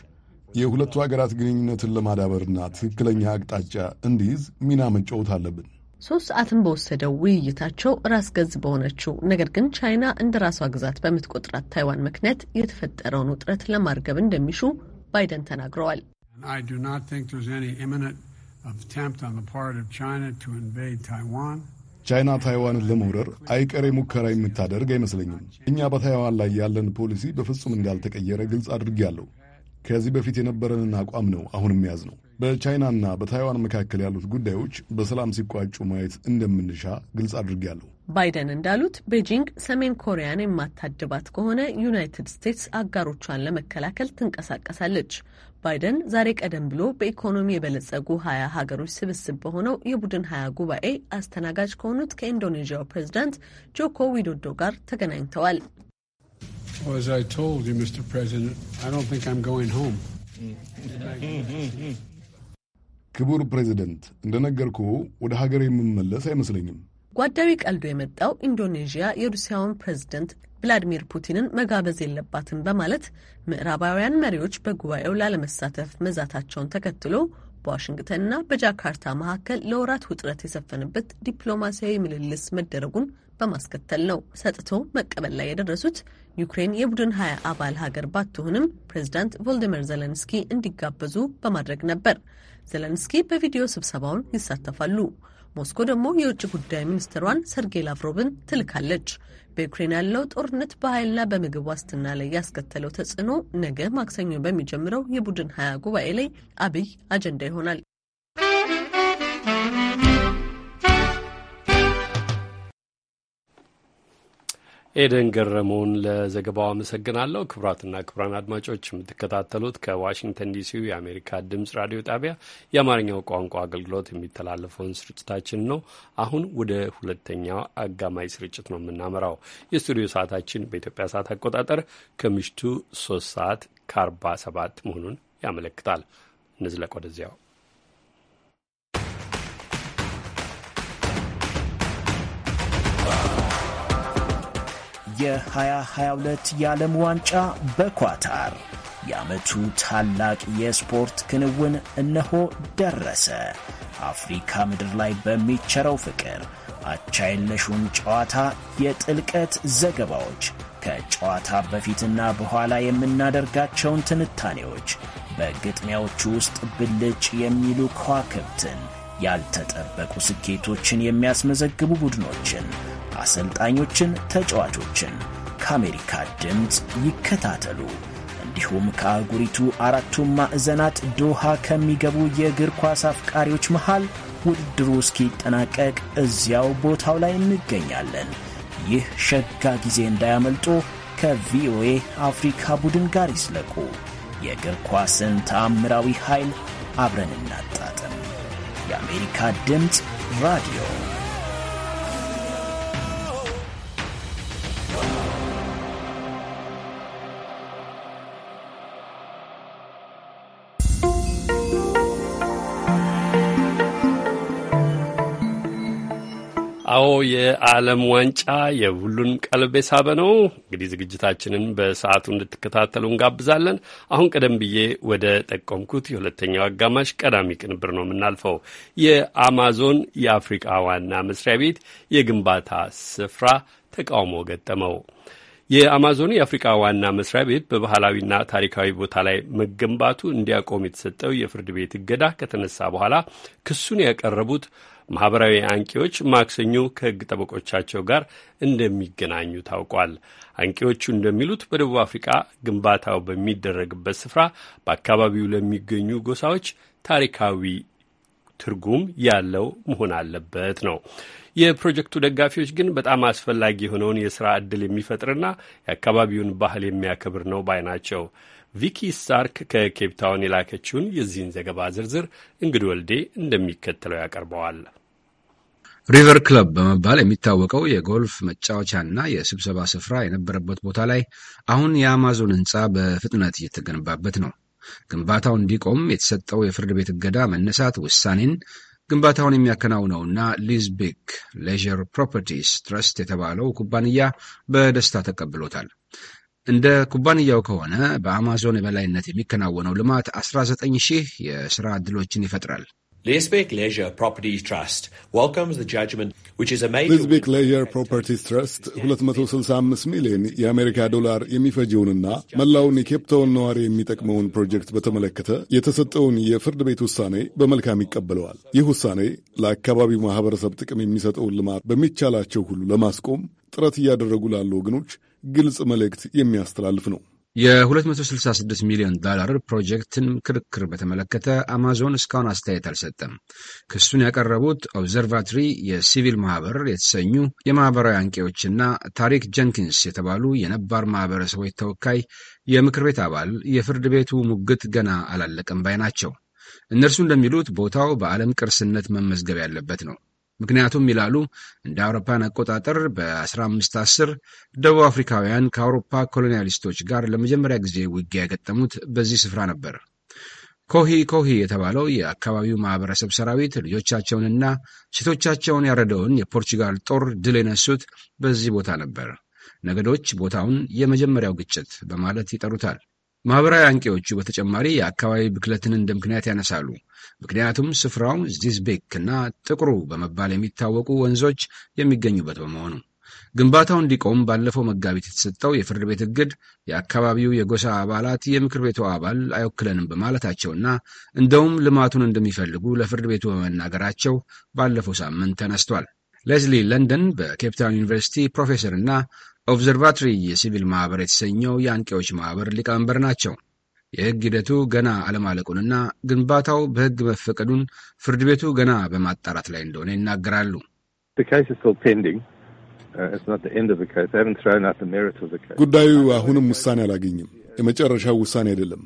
የሁለቱ ሀገራት ግንኙነትን ለማዳበርና ትክክለኛ አቅጣጫ እንዲይዝ ሚና መጫወት አለብን። ሶስት ሰዓትን በወሰደው ውይይታቸው ራስ ገዝ በሆነችው ነገር ግን ቻይና እንደ ራሷ ግዛት በምትቆጥራት ታይዋን ምክንያት የተፈጠረውን ውጥረት ለማርገብ እንደሚሹ ባይደን ተናግረዋል። ቻይና ታይዋንን ለመውረር አይቀሬ ሙከራ የምታደርግ አይመስለኝም። እኛ በታይዋን ላይ ያለን ፖሊሲ በፍጹም እንዳልተቀየረ ግልጽ አድርጌያለሁ። ከዚህ በፊት የነበረንን አቋም ነው አሁንም የያዝ ነው። በቻይናና በታይዋን መካከል ያሉት ጉዳዮች በሰላም ሲቋጩ ማየት እንደምንሻ ግልጽ አድርጌያለሁ። ባይደን እንዳሉት ቤጂንግ ሰሜን ኮሪያን የማታድባት ከሆነ ዩናይትድ ስቴትስ አጋሮቿን ለመከላከል ትንቀሳቀሳለች። ባይደን ዛሬ ቀደም ብሎ በኢኮኖሚ የበለጸጉ ሀያ ሀገሮች ስብስብ በሆነው የቡድን ሀያ ጉባኤ አስተናጋጅ ከሆኑት ከኢንዶኔዥያው ፕሬዝዳንት ጆኮ ዊዶዶ ጋር ተገናኝተዋል። ክቡር ፕሬዚደንት፣ እንደነገርኩ ወደ ሀገር የምመለስ አይመስለኝም። ጓዳዊ ቀልዶ የመጣው ኢንዶኔዥያ የሩሲያውን ፕሬዚደንት ቭላዲሚር ፑቲንን መጋበዝ የለባትም በማለት ምዕራባውያን መሪዎች በጉባኤው ላለመሳተፍ መዛታቸውን ተከትሎ በዋሽንግተንና በጃካርታ መካከል ለወራት ውጥረት የሰፈነበት ዲፕሎማሲያዊ ምልልስ መደረጉን በማስከተል ነው ሰጥቶ መቀበል ላይ የደረሱት። ዩክሬን የቡድን ሀያ አባል ሀገር ባትሆንም ፕሬዚዳንት ቮልዲሚር ዘለንስኪ እንዲጋበዙ በማድረግ ነበር። ዘለንስኪ በቪዲዮ ስብሰባውን ይሳተፋሉ። ሞስኮ ደግሞ የውጭ ጉዳይ ሚኒስትሯን ሰርጌይ ላቭሮቭን ትልካለች። በዩክሬን ያለው ጦርነት በኃይልና በምግብ ዋስትና ላይ ያስከተለው ተጽዕኖ ነገ ማክሰኞ በሚጀምረው የቡድን ሀያ ጉባኤ ላይ አብይ አጀንዳ ይሆናል። ኤደን ገረመውን ለዘገባው አመሰግናለሁ። ክቡራትና ክቡራን አድማጮች የምትከታተሉት ከዋሽንግተን ዲሲው የአሜሪካ ድምፅ ራዲዮ ጣቢያ የአማርኛው ቋንቋ አገልግሎት የሚተላለፈውን ስርጭታችን ነው። አሁን ወደ ሁለተኛው አጋማሽ ስርጭት ነው የምናመራው። የስቱዲዮ ሰዓታችን በኢትዮጵያ ሰዓት አቆጣጠር ከምሽቱ ሶስት ሰዓት ከአርባ ሰባት መሆኑን ያመለክታል። እንዝለቅ ወደዚያው የ2022 የዓለም ዋንጫ በኳታር የዓመቱ ታላቅ የስፖርት ክንውን እነሆ ደረሰ። አፍሪካ ምድር ላይ በሚቸረው ፍቅር አቻ የለሹን ጨዋታ የጥልቀት ዘገባዎች ከጨዋታ በፊትና በኋላ የምናደርጋቸውን ትንታኔዎች በግጥሚያዎቹ ውስጥ ብልጭ የሚሉ ከዋክብትን፣ ያልተጠበቁ ስኬቶችን የሚያስመዘግቡ ቡድኖችን አሰልጣኞችን፣ ተጫዋቾችን ከአሜሪካ ድምፅ ይከታተሉ። እንዲሁም ከአህጉሪቱ አራቱም ማዕዘናት ዶሃ ከሚገቡ የእግር ኳስ አፍቃሪዎች መሃል ውድድሩ እስኪጠናቀቅ እዚያው ቦታው ላይ እንገኛለን። ይህ ሸጋ ጊዜ እንዳያመልጦ ከቪኦኤ አፍሪካ ቡድን ጋር ይስለቁ። የእግር ኳስን ተአምራዊ ኃይል አብረን እናጣጥም። የአሜሪካ ድምፅ ራዲዮ አዎ የዓለም ዋንጫ የሁሉን ቀልብ የሳበ ነው። እንግዲህ ዝግጅታችንን በሰዓቱ እንድትከታተሉ እንጋብዛለን። አሁን ቀደም ብዬ ወደ ጠቆምኩት የሁለተኛው አጋማሽ ቀዳሚ ቅንብር ነው የምናልፈው። የአማዞን የአፍሪቃ ዋና መስሪያ ቤት የግንባታ ስፍራ ተቃውሞ ገጠመው። የአማዞን የአፍሪካ ዋና መስሪያ ቤት በባህላዊና ታሪካዊ ቦታ ላይ መገንባቱ እንዲያቆም የተሰጠው የፍርድ ቤት እገዳ ከተነሳ በኋላ ክሱን ያቀረቡት ማኅበራዊ አንቂዎች ማክሰኞ ከሕግ ጠበቆቻቸው ጋር እንደሚገናኙ ታውቋል። አንቂዎቹ እንደሚሉት በደቡብ አፍሪካ ግንባታው በሚደረግበት ስፍራ በአካባቢው ለሚገኙ ጎሳዎች ታሪካዊ ትርጉም ያለው መሆን አለበት ነው። የፕሮጀክቱ ደጋፊዎች ግን በጣም አስፈላጊ የሆነውን የሥራ ዕድል የሚፈጥርና የአካባቢውን ባህል የሚያከብር ነው ባይ ናቸው። ቪኪ ስታርክ ከኬፕታውን የላከችውን የዚህን ዘገባ ዝርዝር እንግድ ወልዴ እንደሚከተለው ያቀርበዋል። ሪቨር ክለብ በመባል የሚታወቀው የጎልፍ መጫወቻና የስብሰባ ስፍራ የነበረበት ቦታ ላይ አሁን የአማዞን ሕንፃ በፍጥነት እየተገነባበት ነው። ግንባታው እንዲቆም የተሰጠው የፍርድ ቤት እገዳ መነሳት ውሳኔን ግንባታውን የሚያከናውነውና ና ቤክ ሌዥር ፕሮፐርቲስ ትረስት የተባለው ኩባንያ በደስታ ተቀብሎታል። እንደ ኩባንያው ከሆነ በአማዞን የበላይነት የሚከናወነው ልማት 19 ሺህ የሥራ ዕድሎችን ይፈጥራል። ሊስቤክ ሌዥር ፕሮፐርቲ ትረስት 265 ሚሊዮን የአሜሪካ ዶላር የሚፈጀውንና መላውን የኬፕታውን ነዋሪ የሚጠቅመውን ፕሮጀክት በተመለከተ የተሰጠውን የፍርድ ቤት ውሳኔ በመልካም ይቀበለዋል። ይህ ውሳኔ ለአካባቢው ማህበረሰብ ጥቅም የሚሰጠውን ልማት በሚቻላቸው ሁሉ ለማስቆም ጥረት እያደረጉ ላሉ ወገኖች ግልጽ መልእክት የሚያስተላልፍ ነው። የ266 ሚሊዮን ዶላር ፕሮጀክትን ክርክር በተመለከተ አማዞን እስካሁን አስተያየት አልሰጠም። ክሱን ያቀረቡት ኦብዘርቫትሪ የሲቪል ማህበር የተሰኙ የማህበራዊ አንቂዎችና ታሪክ ጀንኪንስ የተባሉ የነባር ማህበረሰቦች ተወካይ የምክር ቤት አባል የፍርድ ቤቱ ሙግት ገና አላለቀም ባይ ናቸው። እነርሱ እንደሚሉት ቦታው በዓለም ቅርስነት መመዝገብ ያለበት ነው። ምክንያቱም ይላሉ እንደ አውሮፓን አቆጣጠር በ1510 ደቡብ አፍሪካውያን ከአውሮፓ ኮሎኒያሊስቶች ጋር ለመጀመሪያ ጊዜ ውጊያ የገጠሙት በዚህ ስፍራ ነበር። ኮሂ ኮሂ የተባለው የአካባቢው ማህበረሰብ ሰራዊት ልጆቻቸውንና ሴቶቻቸውን ያረደውን የፖርቹጋል ጦር ድል የነሱት በዚህ ቦታ ነበር። ነገዶች ቦታውን የመጀመሪያው ግጭት በማለት ይጠሩታል። ማህበራዊ አንቂዎቹ በተጨማሪ የአካባቢ ብክለትን እንደ ምክንያት ያነሳሉ። ምክንያቱም ስፍራው ዚዝቤክ እና ጥቁሩ በመባል የሚታወቁ ወንዞች የሚገኙበት በመሆኑ ግንባታው እንዲቆም ባለፈው መጋቢት የተሰጠው የፍርድ ቤት እግድ የአካባቢው የጎሳ አባላት የምክር ቤቱ አባል አይወክለንም በማለታቸውና እንደውም ልማቱን እንደሚፈልጉ ለፍርድ ቤቱ በመናገራቸው ባለፈው ሳምንት ተነስቷል። ሌዝሊ ለንደን በኬፕታውን ዩኒቨርሲቲ ፕሮፌሰር እና ኦብዘርቫትሪ የሲቪል ማኅበር የተሰኘው የአንቂዎች ማኅበር ሊቀመንበር ናቸው። የሕግ ሂደቱ ገና አለማለቁንና ግንባታው በሕግ መፈቀዱን ፍርድ ቤቱ ገና በማጣራት ላይ እንደሆነ ይናገራሉ። uh, ጉዳዩ አሁንም ውሳኔ አላገኝም። የመጨረሻው ውሳኔ አይደለም።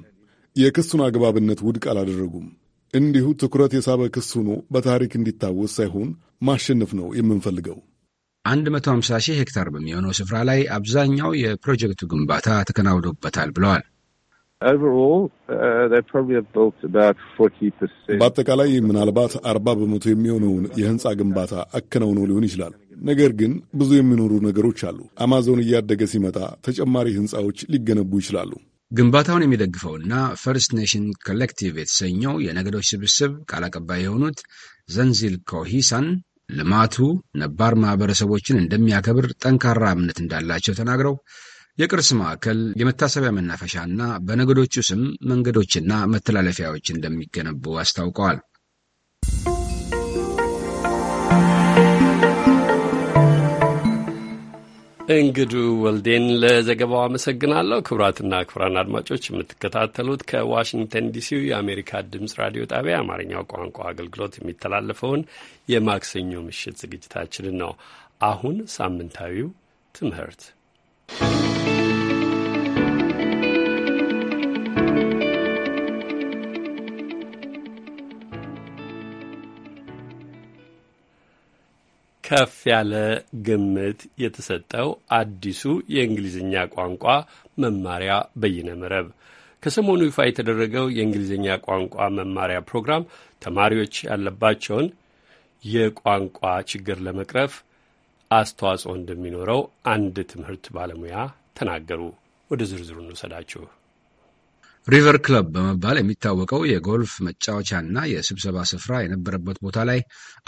የክሱን አግባብነት ውድቅ አላደረጉም። እንዲሁ ትኩረት የሳበ ክስ ሆኖ በታሪክ እንዲታወስ ሳይሆን ማሸነፍ ነው የምንፈልገው። 150 ሺህ ሄክታር በሚሆነው ስፍራ ላይ አብዛኛው የፕሮጀክቱ ግንባታ ተከናውዶበታል ብለዋል። uh, በአጠቃላይ ምናልባት አርባ በመቶ የሚሆነውን የህንፃ ግንባታ አከናውነው ሊሆን ይችላል። ነገር ግን ብዙ የሚኖሩ ነገሮች አሉ። አማዞን እያደገ ሲመጣ ተጨማሪ ህንፃዎች ሊገነቡ ይችላሉ። ግንባታውን የሚደግፈውና ፈርስት ኔሽን ኮሌክቲቭ የተሰኘው የነገዶች ስብስብ ቃል አቀባይ የሆኑት ዘንዚል ኮሂሳን ልማቱ ነባር ማህበረሰቦችን እንደሚያከብር ጠንካራ እምነት እንዳላቸው ተናግረው የቅርስ ማዕከል፣ የመታሰቢያ መናፈሻ እና በነገዶቹ ስም መንገዶችና መተላለፊያዎች እንደሚገነቡ አስታውቀዋል። እንግዱ ወልዴን ለዘገባው አመሰግናለሁ። ክቡራትና ክቡራን አድማጮች የምትከታተሉት ከዋሽንግተን ዲሲው የአሜሪካ ድምፅ ራዲዮ ጣቢያ የአማርኛው ቋንቋ አገልግሎት የሚተላለፈውን የማክሰኞ ምሽት ዝግጅታችንን ነው። አሁን ሳምንታዊው ትምህርት ከፍ ያለ ግምት የተሰጠው አዲሱ የእንግሊዝኛ ቋንቋ መማሪያ በይነ መረብ ከሰሞኑ ይፋ የተደረገው የእንግሊዝኛ ቋንቋ መማሪያ ፕሮግራም ተማሪዎች ያለባቸውን የቋንቋ ችግር ለመቅረፍ አስተዋጽኦ እንደሚኖረው አንድ ትምህርት ባለሙያ ተናገሩ። ወደ ዝርዝሩ እንውሰዳችሁ። ሪቨር ክለብ በመባል የሚታወቀው የጎልፍ መጫወቻና የስብሰባ ስፍራ የነበረበት ቦታ ላይ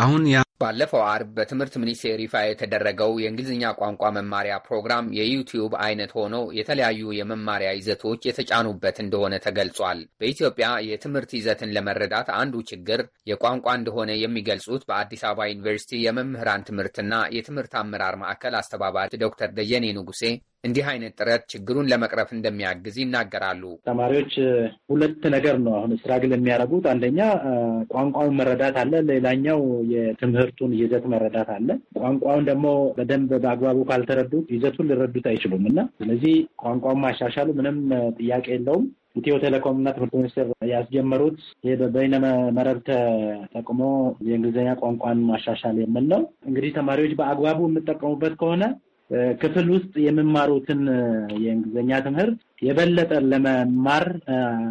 አሁን ያ ባለፈው አርብ በትምህርት ሚኒስቴር ይፋ የተደረገው የእንግሊዝኛ ቋንቋ መማሪያ ፕሮግራም የዩቲዩብ አይነት ሆኖ የተለያዩ የመማሪያ ይዘቶች የተጫኑበት እንደሆነ ተገልጿል። በኢትዮጵያ የትምህርት ይዘትን ለመረዳት አንዱ ችግር የቋንቋ እንደሆነ የሚገልጹት በአዲስ አበባ ዩኒቨርሲቲ የመምህራን ትምህርትና የትምህርት አመራር ማዕከል አስተባባሪ ዶክተር ደጀኔ ንጉሴ እንዲህ አይነት ጥረት ችግሩን ለመቅረፍ እንደሚያግዝ ይናገራሉ። ተማሪዎች ሁለት ነገር ነው አሁን ስራግል የሚያደርጉት አንደኛ ቋንቋውን መረዳት አለ፣ ሌላኛው የትምህር ትምህርቱን ይዘት መረዳት አለ። ቋንቋውን ደግሞ በደንብ በአግባቡ ካልተረዱት ይዘቱን ሊረዱት አይችሉም እና ስለዚህ ቋንቋውን ማሻሻሉ ምንም ጥያቄ የለውም። ኢትዮ ቴሌኮም እና ትምህርት ሚኒስቴር ያስጀመሩት ይህ በበይነ መረብ ተጠቅሞ የእንግሊዝኛ ቋንቋን ማሻሻል የምል ነው። እንግዲህ ተማሪዎች በአግባቡ የምጠቀሙበት ከሆነ ክፍል ውስጥ የምማሩትን የእንግሊዝኛ ትምህርት የበለጠ ለመማር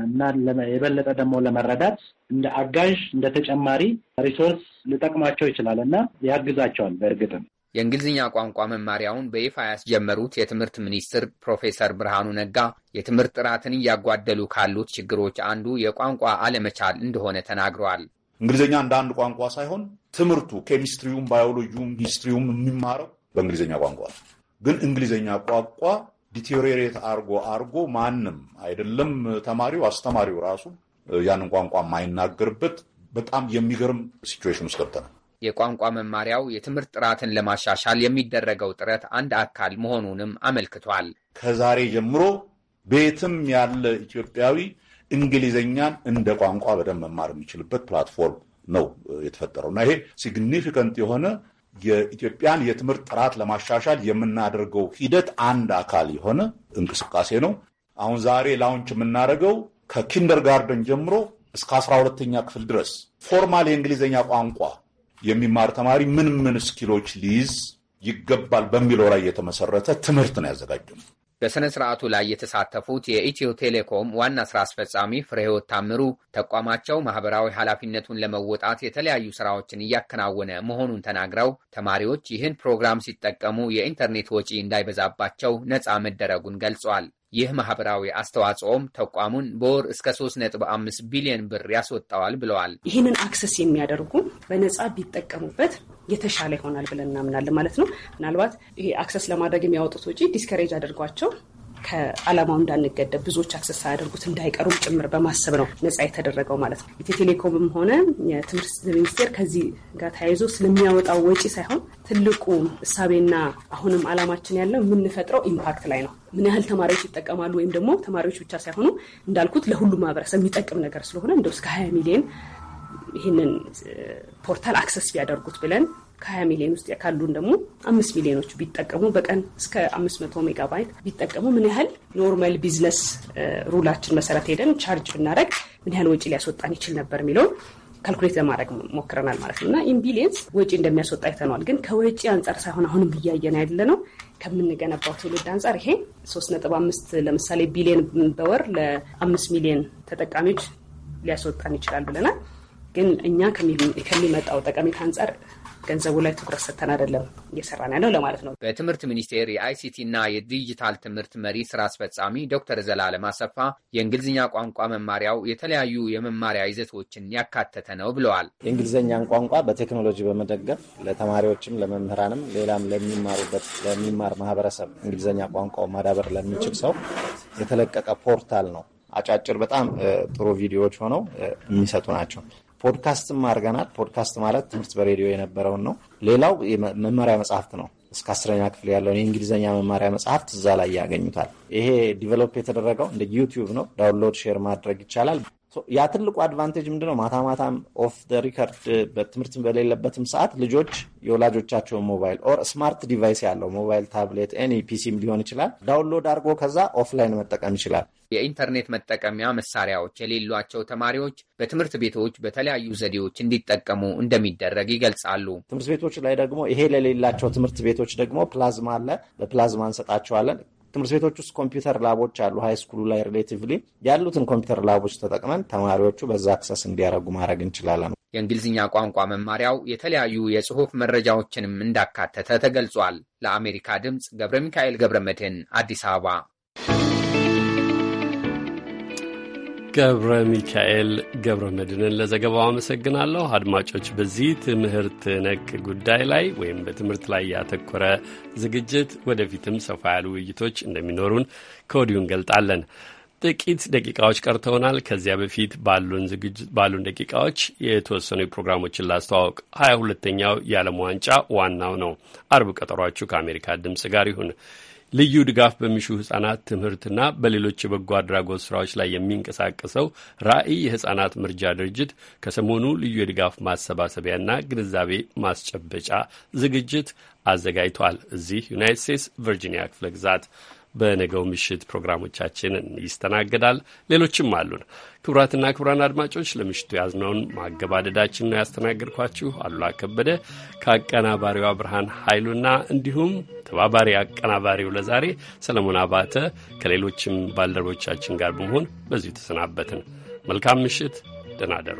እና የበለጠ ደግሞ ለመረዳት እንደ አጋዥ እንደ ተጨማሪ ሪሶርስ ሊጠቅማቸው ይችላል እና ያግዛቸዋል። በእርግጥም የእንግሊዝኛ ቋንቋ መማሪያውን በይፋ ያስጀመሩት የትምህርት ሚኒስትር ፕሮፌሰር ብርሃኑ ነጋ የትምህርት ጥራትን እያጓደሉ ካሉት ችግሮች አንዱ የቋንቋ አለመቻል እንደሆነ ተናግረዋል። እንግሊዝኛ እንደ አንድ ቋንቋ ሳይሆን ትምህርቱ ኬሚስትሪውም፣ ባዮሎጂውም፣ ሂስትሪውም የሚማረው በእንግሊዝኛ ቋንቋ ግን እንግሊዝኛ ቋንቋ ዲቴሪሬት አርጎ አርጎ ማንም አይደለም ተማሪው አስተማሪው ራሱ ያንን ቋንቋ የማይናገርበት በጣም የሚገርም ሲቹዌሽን ውስጥ ገብተናል። የቋንቋ መማሪያው የትምህርት ጥራትን ለማሻሻል የሚደረገው ጥረት አንድ አካል መሆኑንም አመልክቷል። ከዛሬ ጀምሮ ቤትም ያለ ኢትዮጵያዊ እንግሊዝኛን እንደ ቋንቋ በደንብ መማር የሚችልበት ፕላትፎርም ነው የተፈጠረው እና ይሄ ሲግኒፊካንት የሆነ የኢትዮጵያን የትምህርት ጥራት ለማሻሻል የምናደርገው ሂደት አንድ አካል የሆነ እንቅስቃሴ ነው። አሁን ዛሬ ላውንች የምናደርገው ከኪንደር ጋርደን ጀምሮ እስከ አስራ ሁለተኛ ክፍል ድረስ ፎርማል የእንግሊዝኛ ቋንቋ የሚማር ተማሪ ምን ምን ስኪሎች ሊይዝ ይገባል በሚለው ላይ የተመሰረተ ትምህርት ነው ያዘጋጀነው። በሥነ ሥርዓቱ ላይ የተሳተፉት የኢትዮ ቴሌኮም ዋና ሥራ አስፈጻሚ ፍሬሕይወት ታምሩ ተቋማቸው ማኅበራዊ ኃላፊነቱን ለመወጣት የተለያዩ ሥራዎችን እያከናወነ መሆኑን ተናግረው ተማሪዎች ይህን ፕሮግራም ሲጠቀሙ የኢንተርኔት ወጪ እንዳይበዛባቸው ነፃ መደረጉን ገልጿል። ይህ ማህበራዊ አስተዋጽኦም ተቋሙን በወር እስከ 3.5 ቢሊዮን ብር ያስወጣዋል ብለዋል። ይህንን አክሰስ የሚያደርጉ በነፃ ቢጠቀሙበት የተሻለ ይሆናል ብለን እናምናለን ማለት ነው። ምናልባት ይሄ አክሰስ ለማድረግ የሚያወጡት ወጪ ዲስከሬጅ አድርጓቸው ከዓላማው እንዳንገደብ ብዙዎች አክሰስ ሳያደርጉት እንዳይቀሩም ጭምር በማሰብ ነው ነጻ የተደረገው ማለት ነው። ኢትዮ ቴሌኮምም ሆነ የትምህርት ሚኒስቴር ከዚህ ጋር ተያይዞ ስለሚያወጣው ወጪ ሳይሆን ትልቁ እሳቤና አሁንም ዓላማችን ያለው የምንፈጥረው ኢምፓክት ላይ ነው። ምን ያህል ተማሪዎች ይጠቀማሉ ወይም ደግሞ ተማሪዎች ብቻ ሳይሆኑ እንዳልኩት ለሁሉም ማህበረሰብ የሚጠቅም ነገር ስለሆነ እንደው እስከ 20 ሚሊዮን ይህንን ፖርታል አክሰስ ቢያደርጉት ብለን ከ20 ሚሊዮን ውስጥ ካሉን ደግሞ አምስት ሚሊዮኖቹ ቢጠቀሙ በቀን እስከ አምስት መቶ ሜጋባይት ቢጠቀሙ ምን ያህል ኖርማል ቢዝነስ ሩላችን መሰረት ሄደን ቻርጅ ብናደረግ ምን ያህል ወጪ ሊያስወጣን ይችል ነበር የሚለውን ካልኩሌት ለማድረግ ሞክረናል ማለት ነው። እና ኢንቢሊየንስ ወጪ እንደሚያስወጣ አይተነዋል። ግን ከወጪ አንጻር ሳይሆን አሁንም እያየን ያለ ነው ከምንገነባው ትውልድ አንጻር ይሄ ሶስት ነጥብ አምስት ለምሳሌ ቢሊየን በወር ለአምስት ሚሊዮን ተጠቃሚዎች ሊያስወጣን ይችላል ብለናል። ግን እኛ ከሚመጣው ጠቀሜታ አንጻር ገንዘቡ ላይ ትኩረት ሰጥተን አይደለም እየሰራን ያለው ለማለት ነው። በትምህርት ሚኒስቴር የአይሲቲ እና የዲጂታል ትምህርት መሪ ስራ አስፈጻሚ ዶክተር ዘላለም አሰፋ የእንግሊዝኛ ቋንቋ መማሪያው የተለያዩ የመማሪያ ይዘቶችን ያካተተ ነው ብለዋል። የእንግሊዝኛን ቋንቋ በቴክኖሎጂ በመደገፍ ለተማሪዎችም ለመምህራንም ሌላም ለሚማሩበት ለሚማር ማህበረሰብ እንግሊዝኛ ቋንቋው ማዳበር ለሚችል ሰው የተለቀቀ ፖርታል ነው። አጫጭር በጣም ጥሩ ቪዲዮዎች ሆነው የሚሰጡ ናቸው። ፖድካስትም አድርገናል። ፖድካስት ማለት ትምህርት በሬዲዮ የነበረውን ነው። ሌላው መመሪያ መጽሐፍት ነው። እስከ አስረኛ ክፍል ያለውን የእንግሊዝኛ መማሪያ መጽሐፍት እዛ ላይ ያገኙታል። ይሄ ዲቨሎፕ የተደረገው እንደ ዩቲዩብ ነው። ዳውንሎድ ሼር ማድረግ ይቻላል። ያ ትልቁ አድቫንቴጅ ምንድነው? ማታ ማታም ኦፍ ሪከርድ በትምህርት በሌለበትም ሰዓት ልጆች የወላጆቻቸውን ሞባይል ኦር ስማርት ዲቫይስ ያለው ሞባይል፣ ታብሌት፣ ኤኒ ፒሲም ሊሆን ይችላል ዳውንሎድ አድርጎ ከዛ ኦፍላይን መጠቀም ይችላል። የኢንተርኔት መጠቀሚያ መሳሪያዎች የሌሏቸው ተማሪዎች በትምህርት ቤቶች በተለያዩ ዘዴዎች እንዲጠቀሙ እንደሚደረግ ይገልጻሉ። ትምህርት ቤቶች ላይ ደግሞ ይሄ ለሌላቸው ትምህርት ቤቶች ደግሞ ፕላዝማ አለ። በፕላዝማ እንሰጣቸዋለን ትምህርት ቤቶች ውስጥ ኮምፒውተር ላቦች አሉ። ስኩሉ ላይ ሪሌቲቭሊ ያሉትን ኮምፒውተር ላቦች ተጠቅመን ተማሪዎቹ በዛ አክሰስ እንዲያደርጉ ማድረግ እንችላለን። የእንግሊዝኛ ቋንቋ መማሪያው የተለያዩ የጽሑፍ መረጃዎችንም እንዳካተተ ተገልጿል። ለአሜሪካ ድምፅ ገብረ ሚካኤል ገብረ መድህን አዲስ አበባ ገብረ ሚካኤል ገብረ መድንን ለዘገባው አመሰግናለሁ። አድማጮች፣ በዚህ ትምህርት ነክ ጉዳይ ላይ ወይም በትምህርት ላይ ያተኮረ ዝግጅት ወደፊትም ሰፋ ያሉ ውይይቶች እንደሚኖሩን ከወዲሁ እንገልጣለን። ጥቂት ደቂቃዎች ቀርተውናል። ከዚያ በፊት ባሉን ደቂቃዎች የተወሰኑ ፕሮግራሞችን ላስተዋወቅ። ሀያ ሁለተኛው የዓለም ዋንጫ ዋናው ነው። አርብ ቀጠሯችሁ ከአሜሪካ ድምፅ ጋር ይሁን። ልዩ ድጋፍ በሚሹ ህጻናት ትምህርትና በሌሎች የበጎ አድራጎት ስራዎች ላይ የሚንቀሳቀሰው ራዕይ የህጻናት ምርጃ ድርጅት ከሰሞኑ ልዩ የድጋፍ ማሰባሰቢያና ግንዛቤ ማስጨበጫ ዝግጅት አዘጋጅቷል። እዚህ ዩናይት ስቴትስ ቨርጂኒያ ክፍለ ግዛት በነገው ምሽት ፕሮግራሞቻችን ይስተናገዳል። ሌሎችም አሉን። ክቡራትና ክቡራን አድማጮች ለምሽቱ ያዝነውን ማገባደዳችን ነው ያስተናገድኳችሁ አሉላ ከበደ ከአቀናባሪዋ ብርሃን ኃይሉና እንዲሁም ተባባሪ አቀናባሪው ለዛሬ ሰለሞን አባተ ከሌሎችም ባልደረቦቻችን ጋር በመሆን በዚሁ ተሰናበትን። መልካም ምሽት፣ ደህና እደሩ።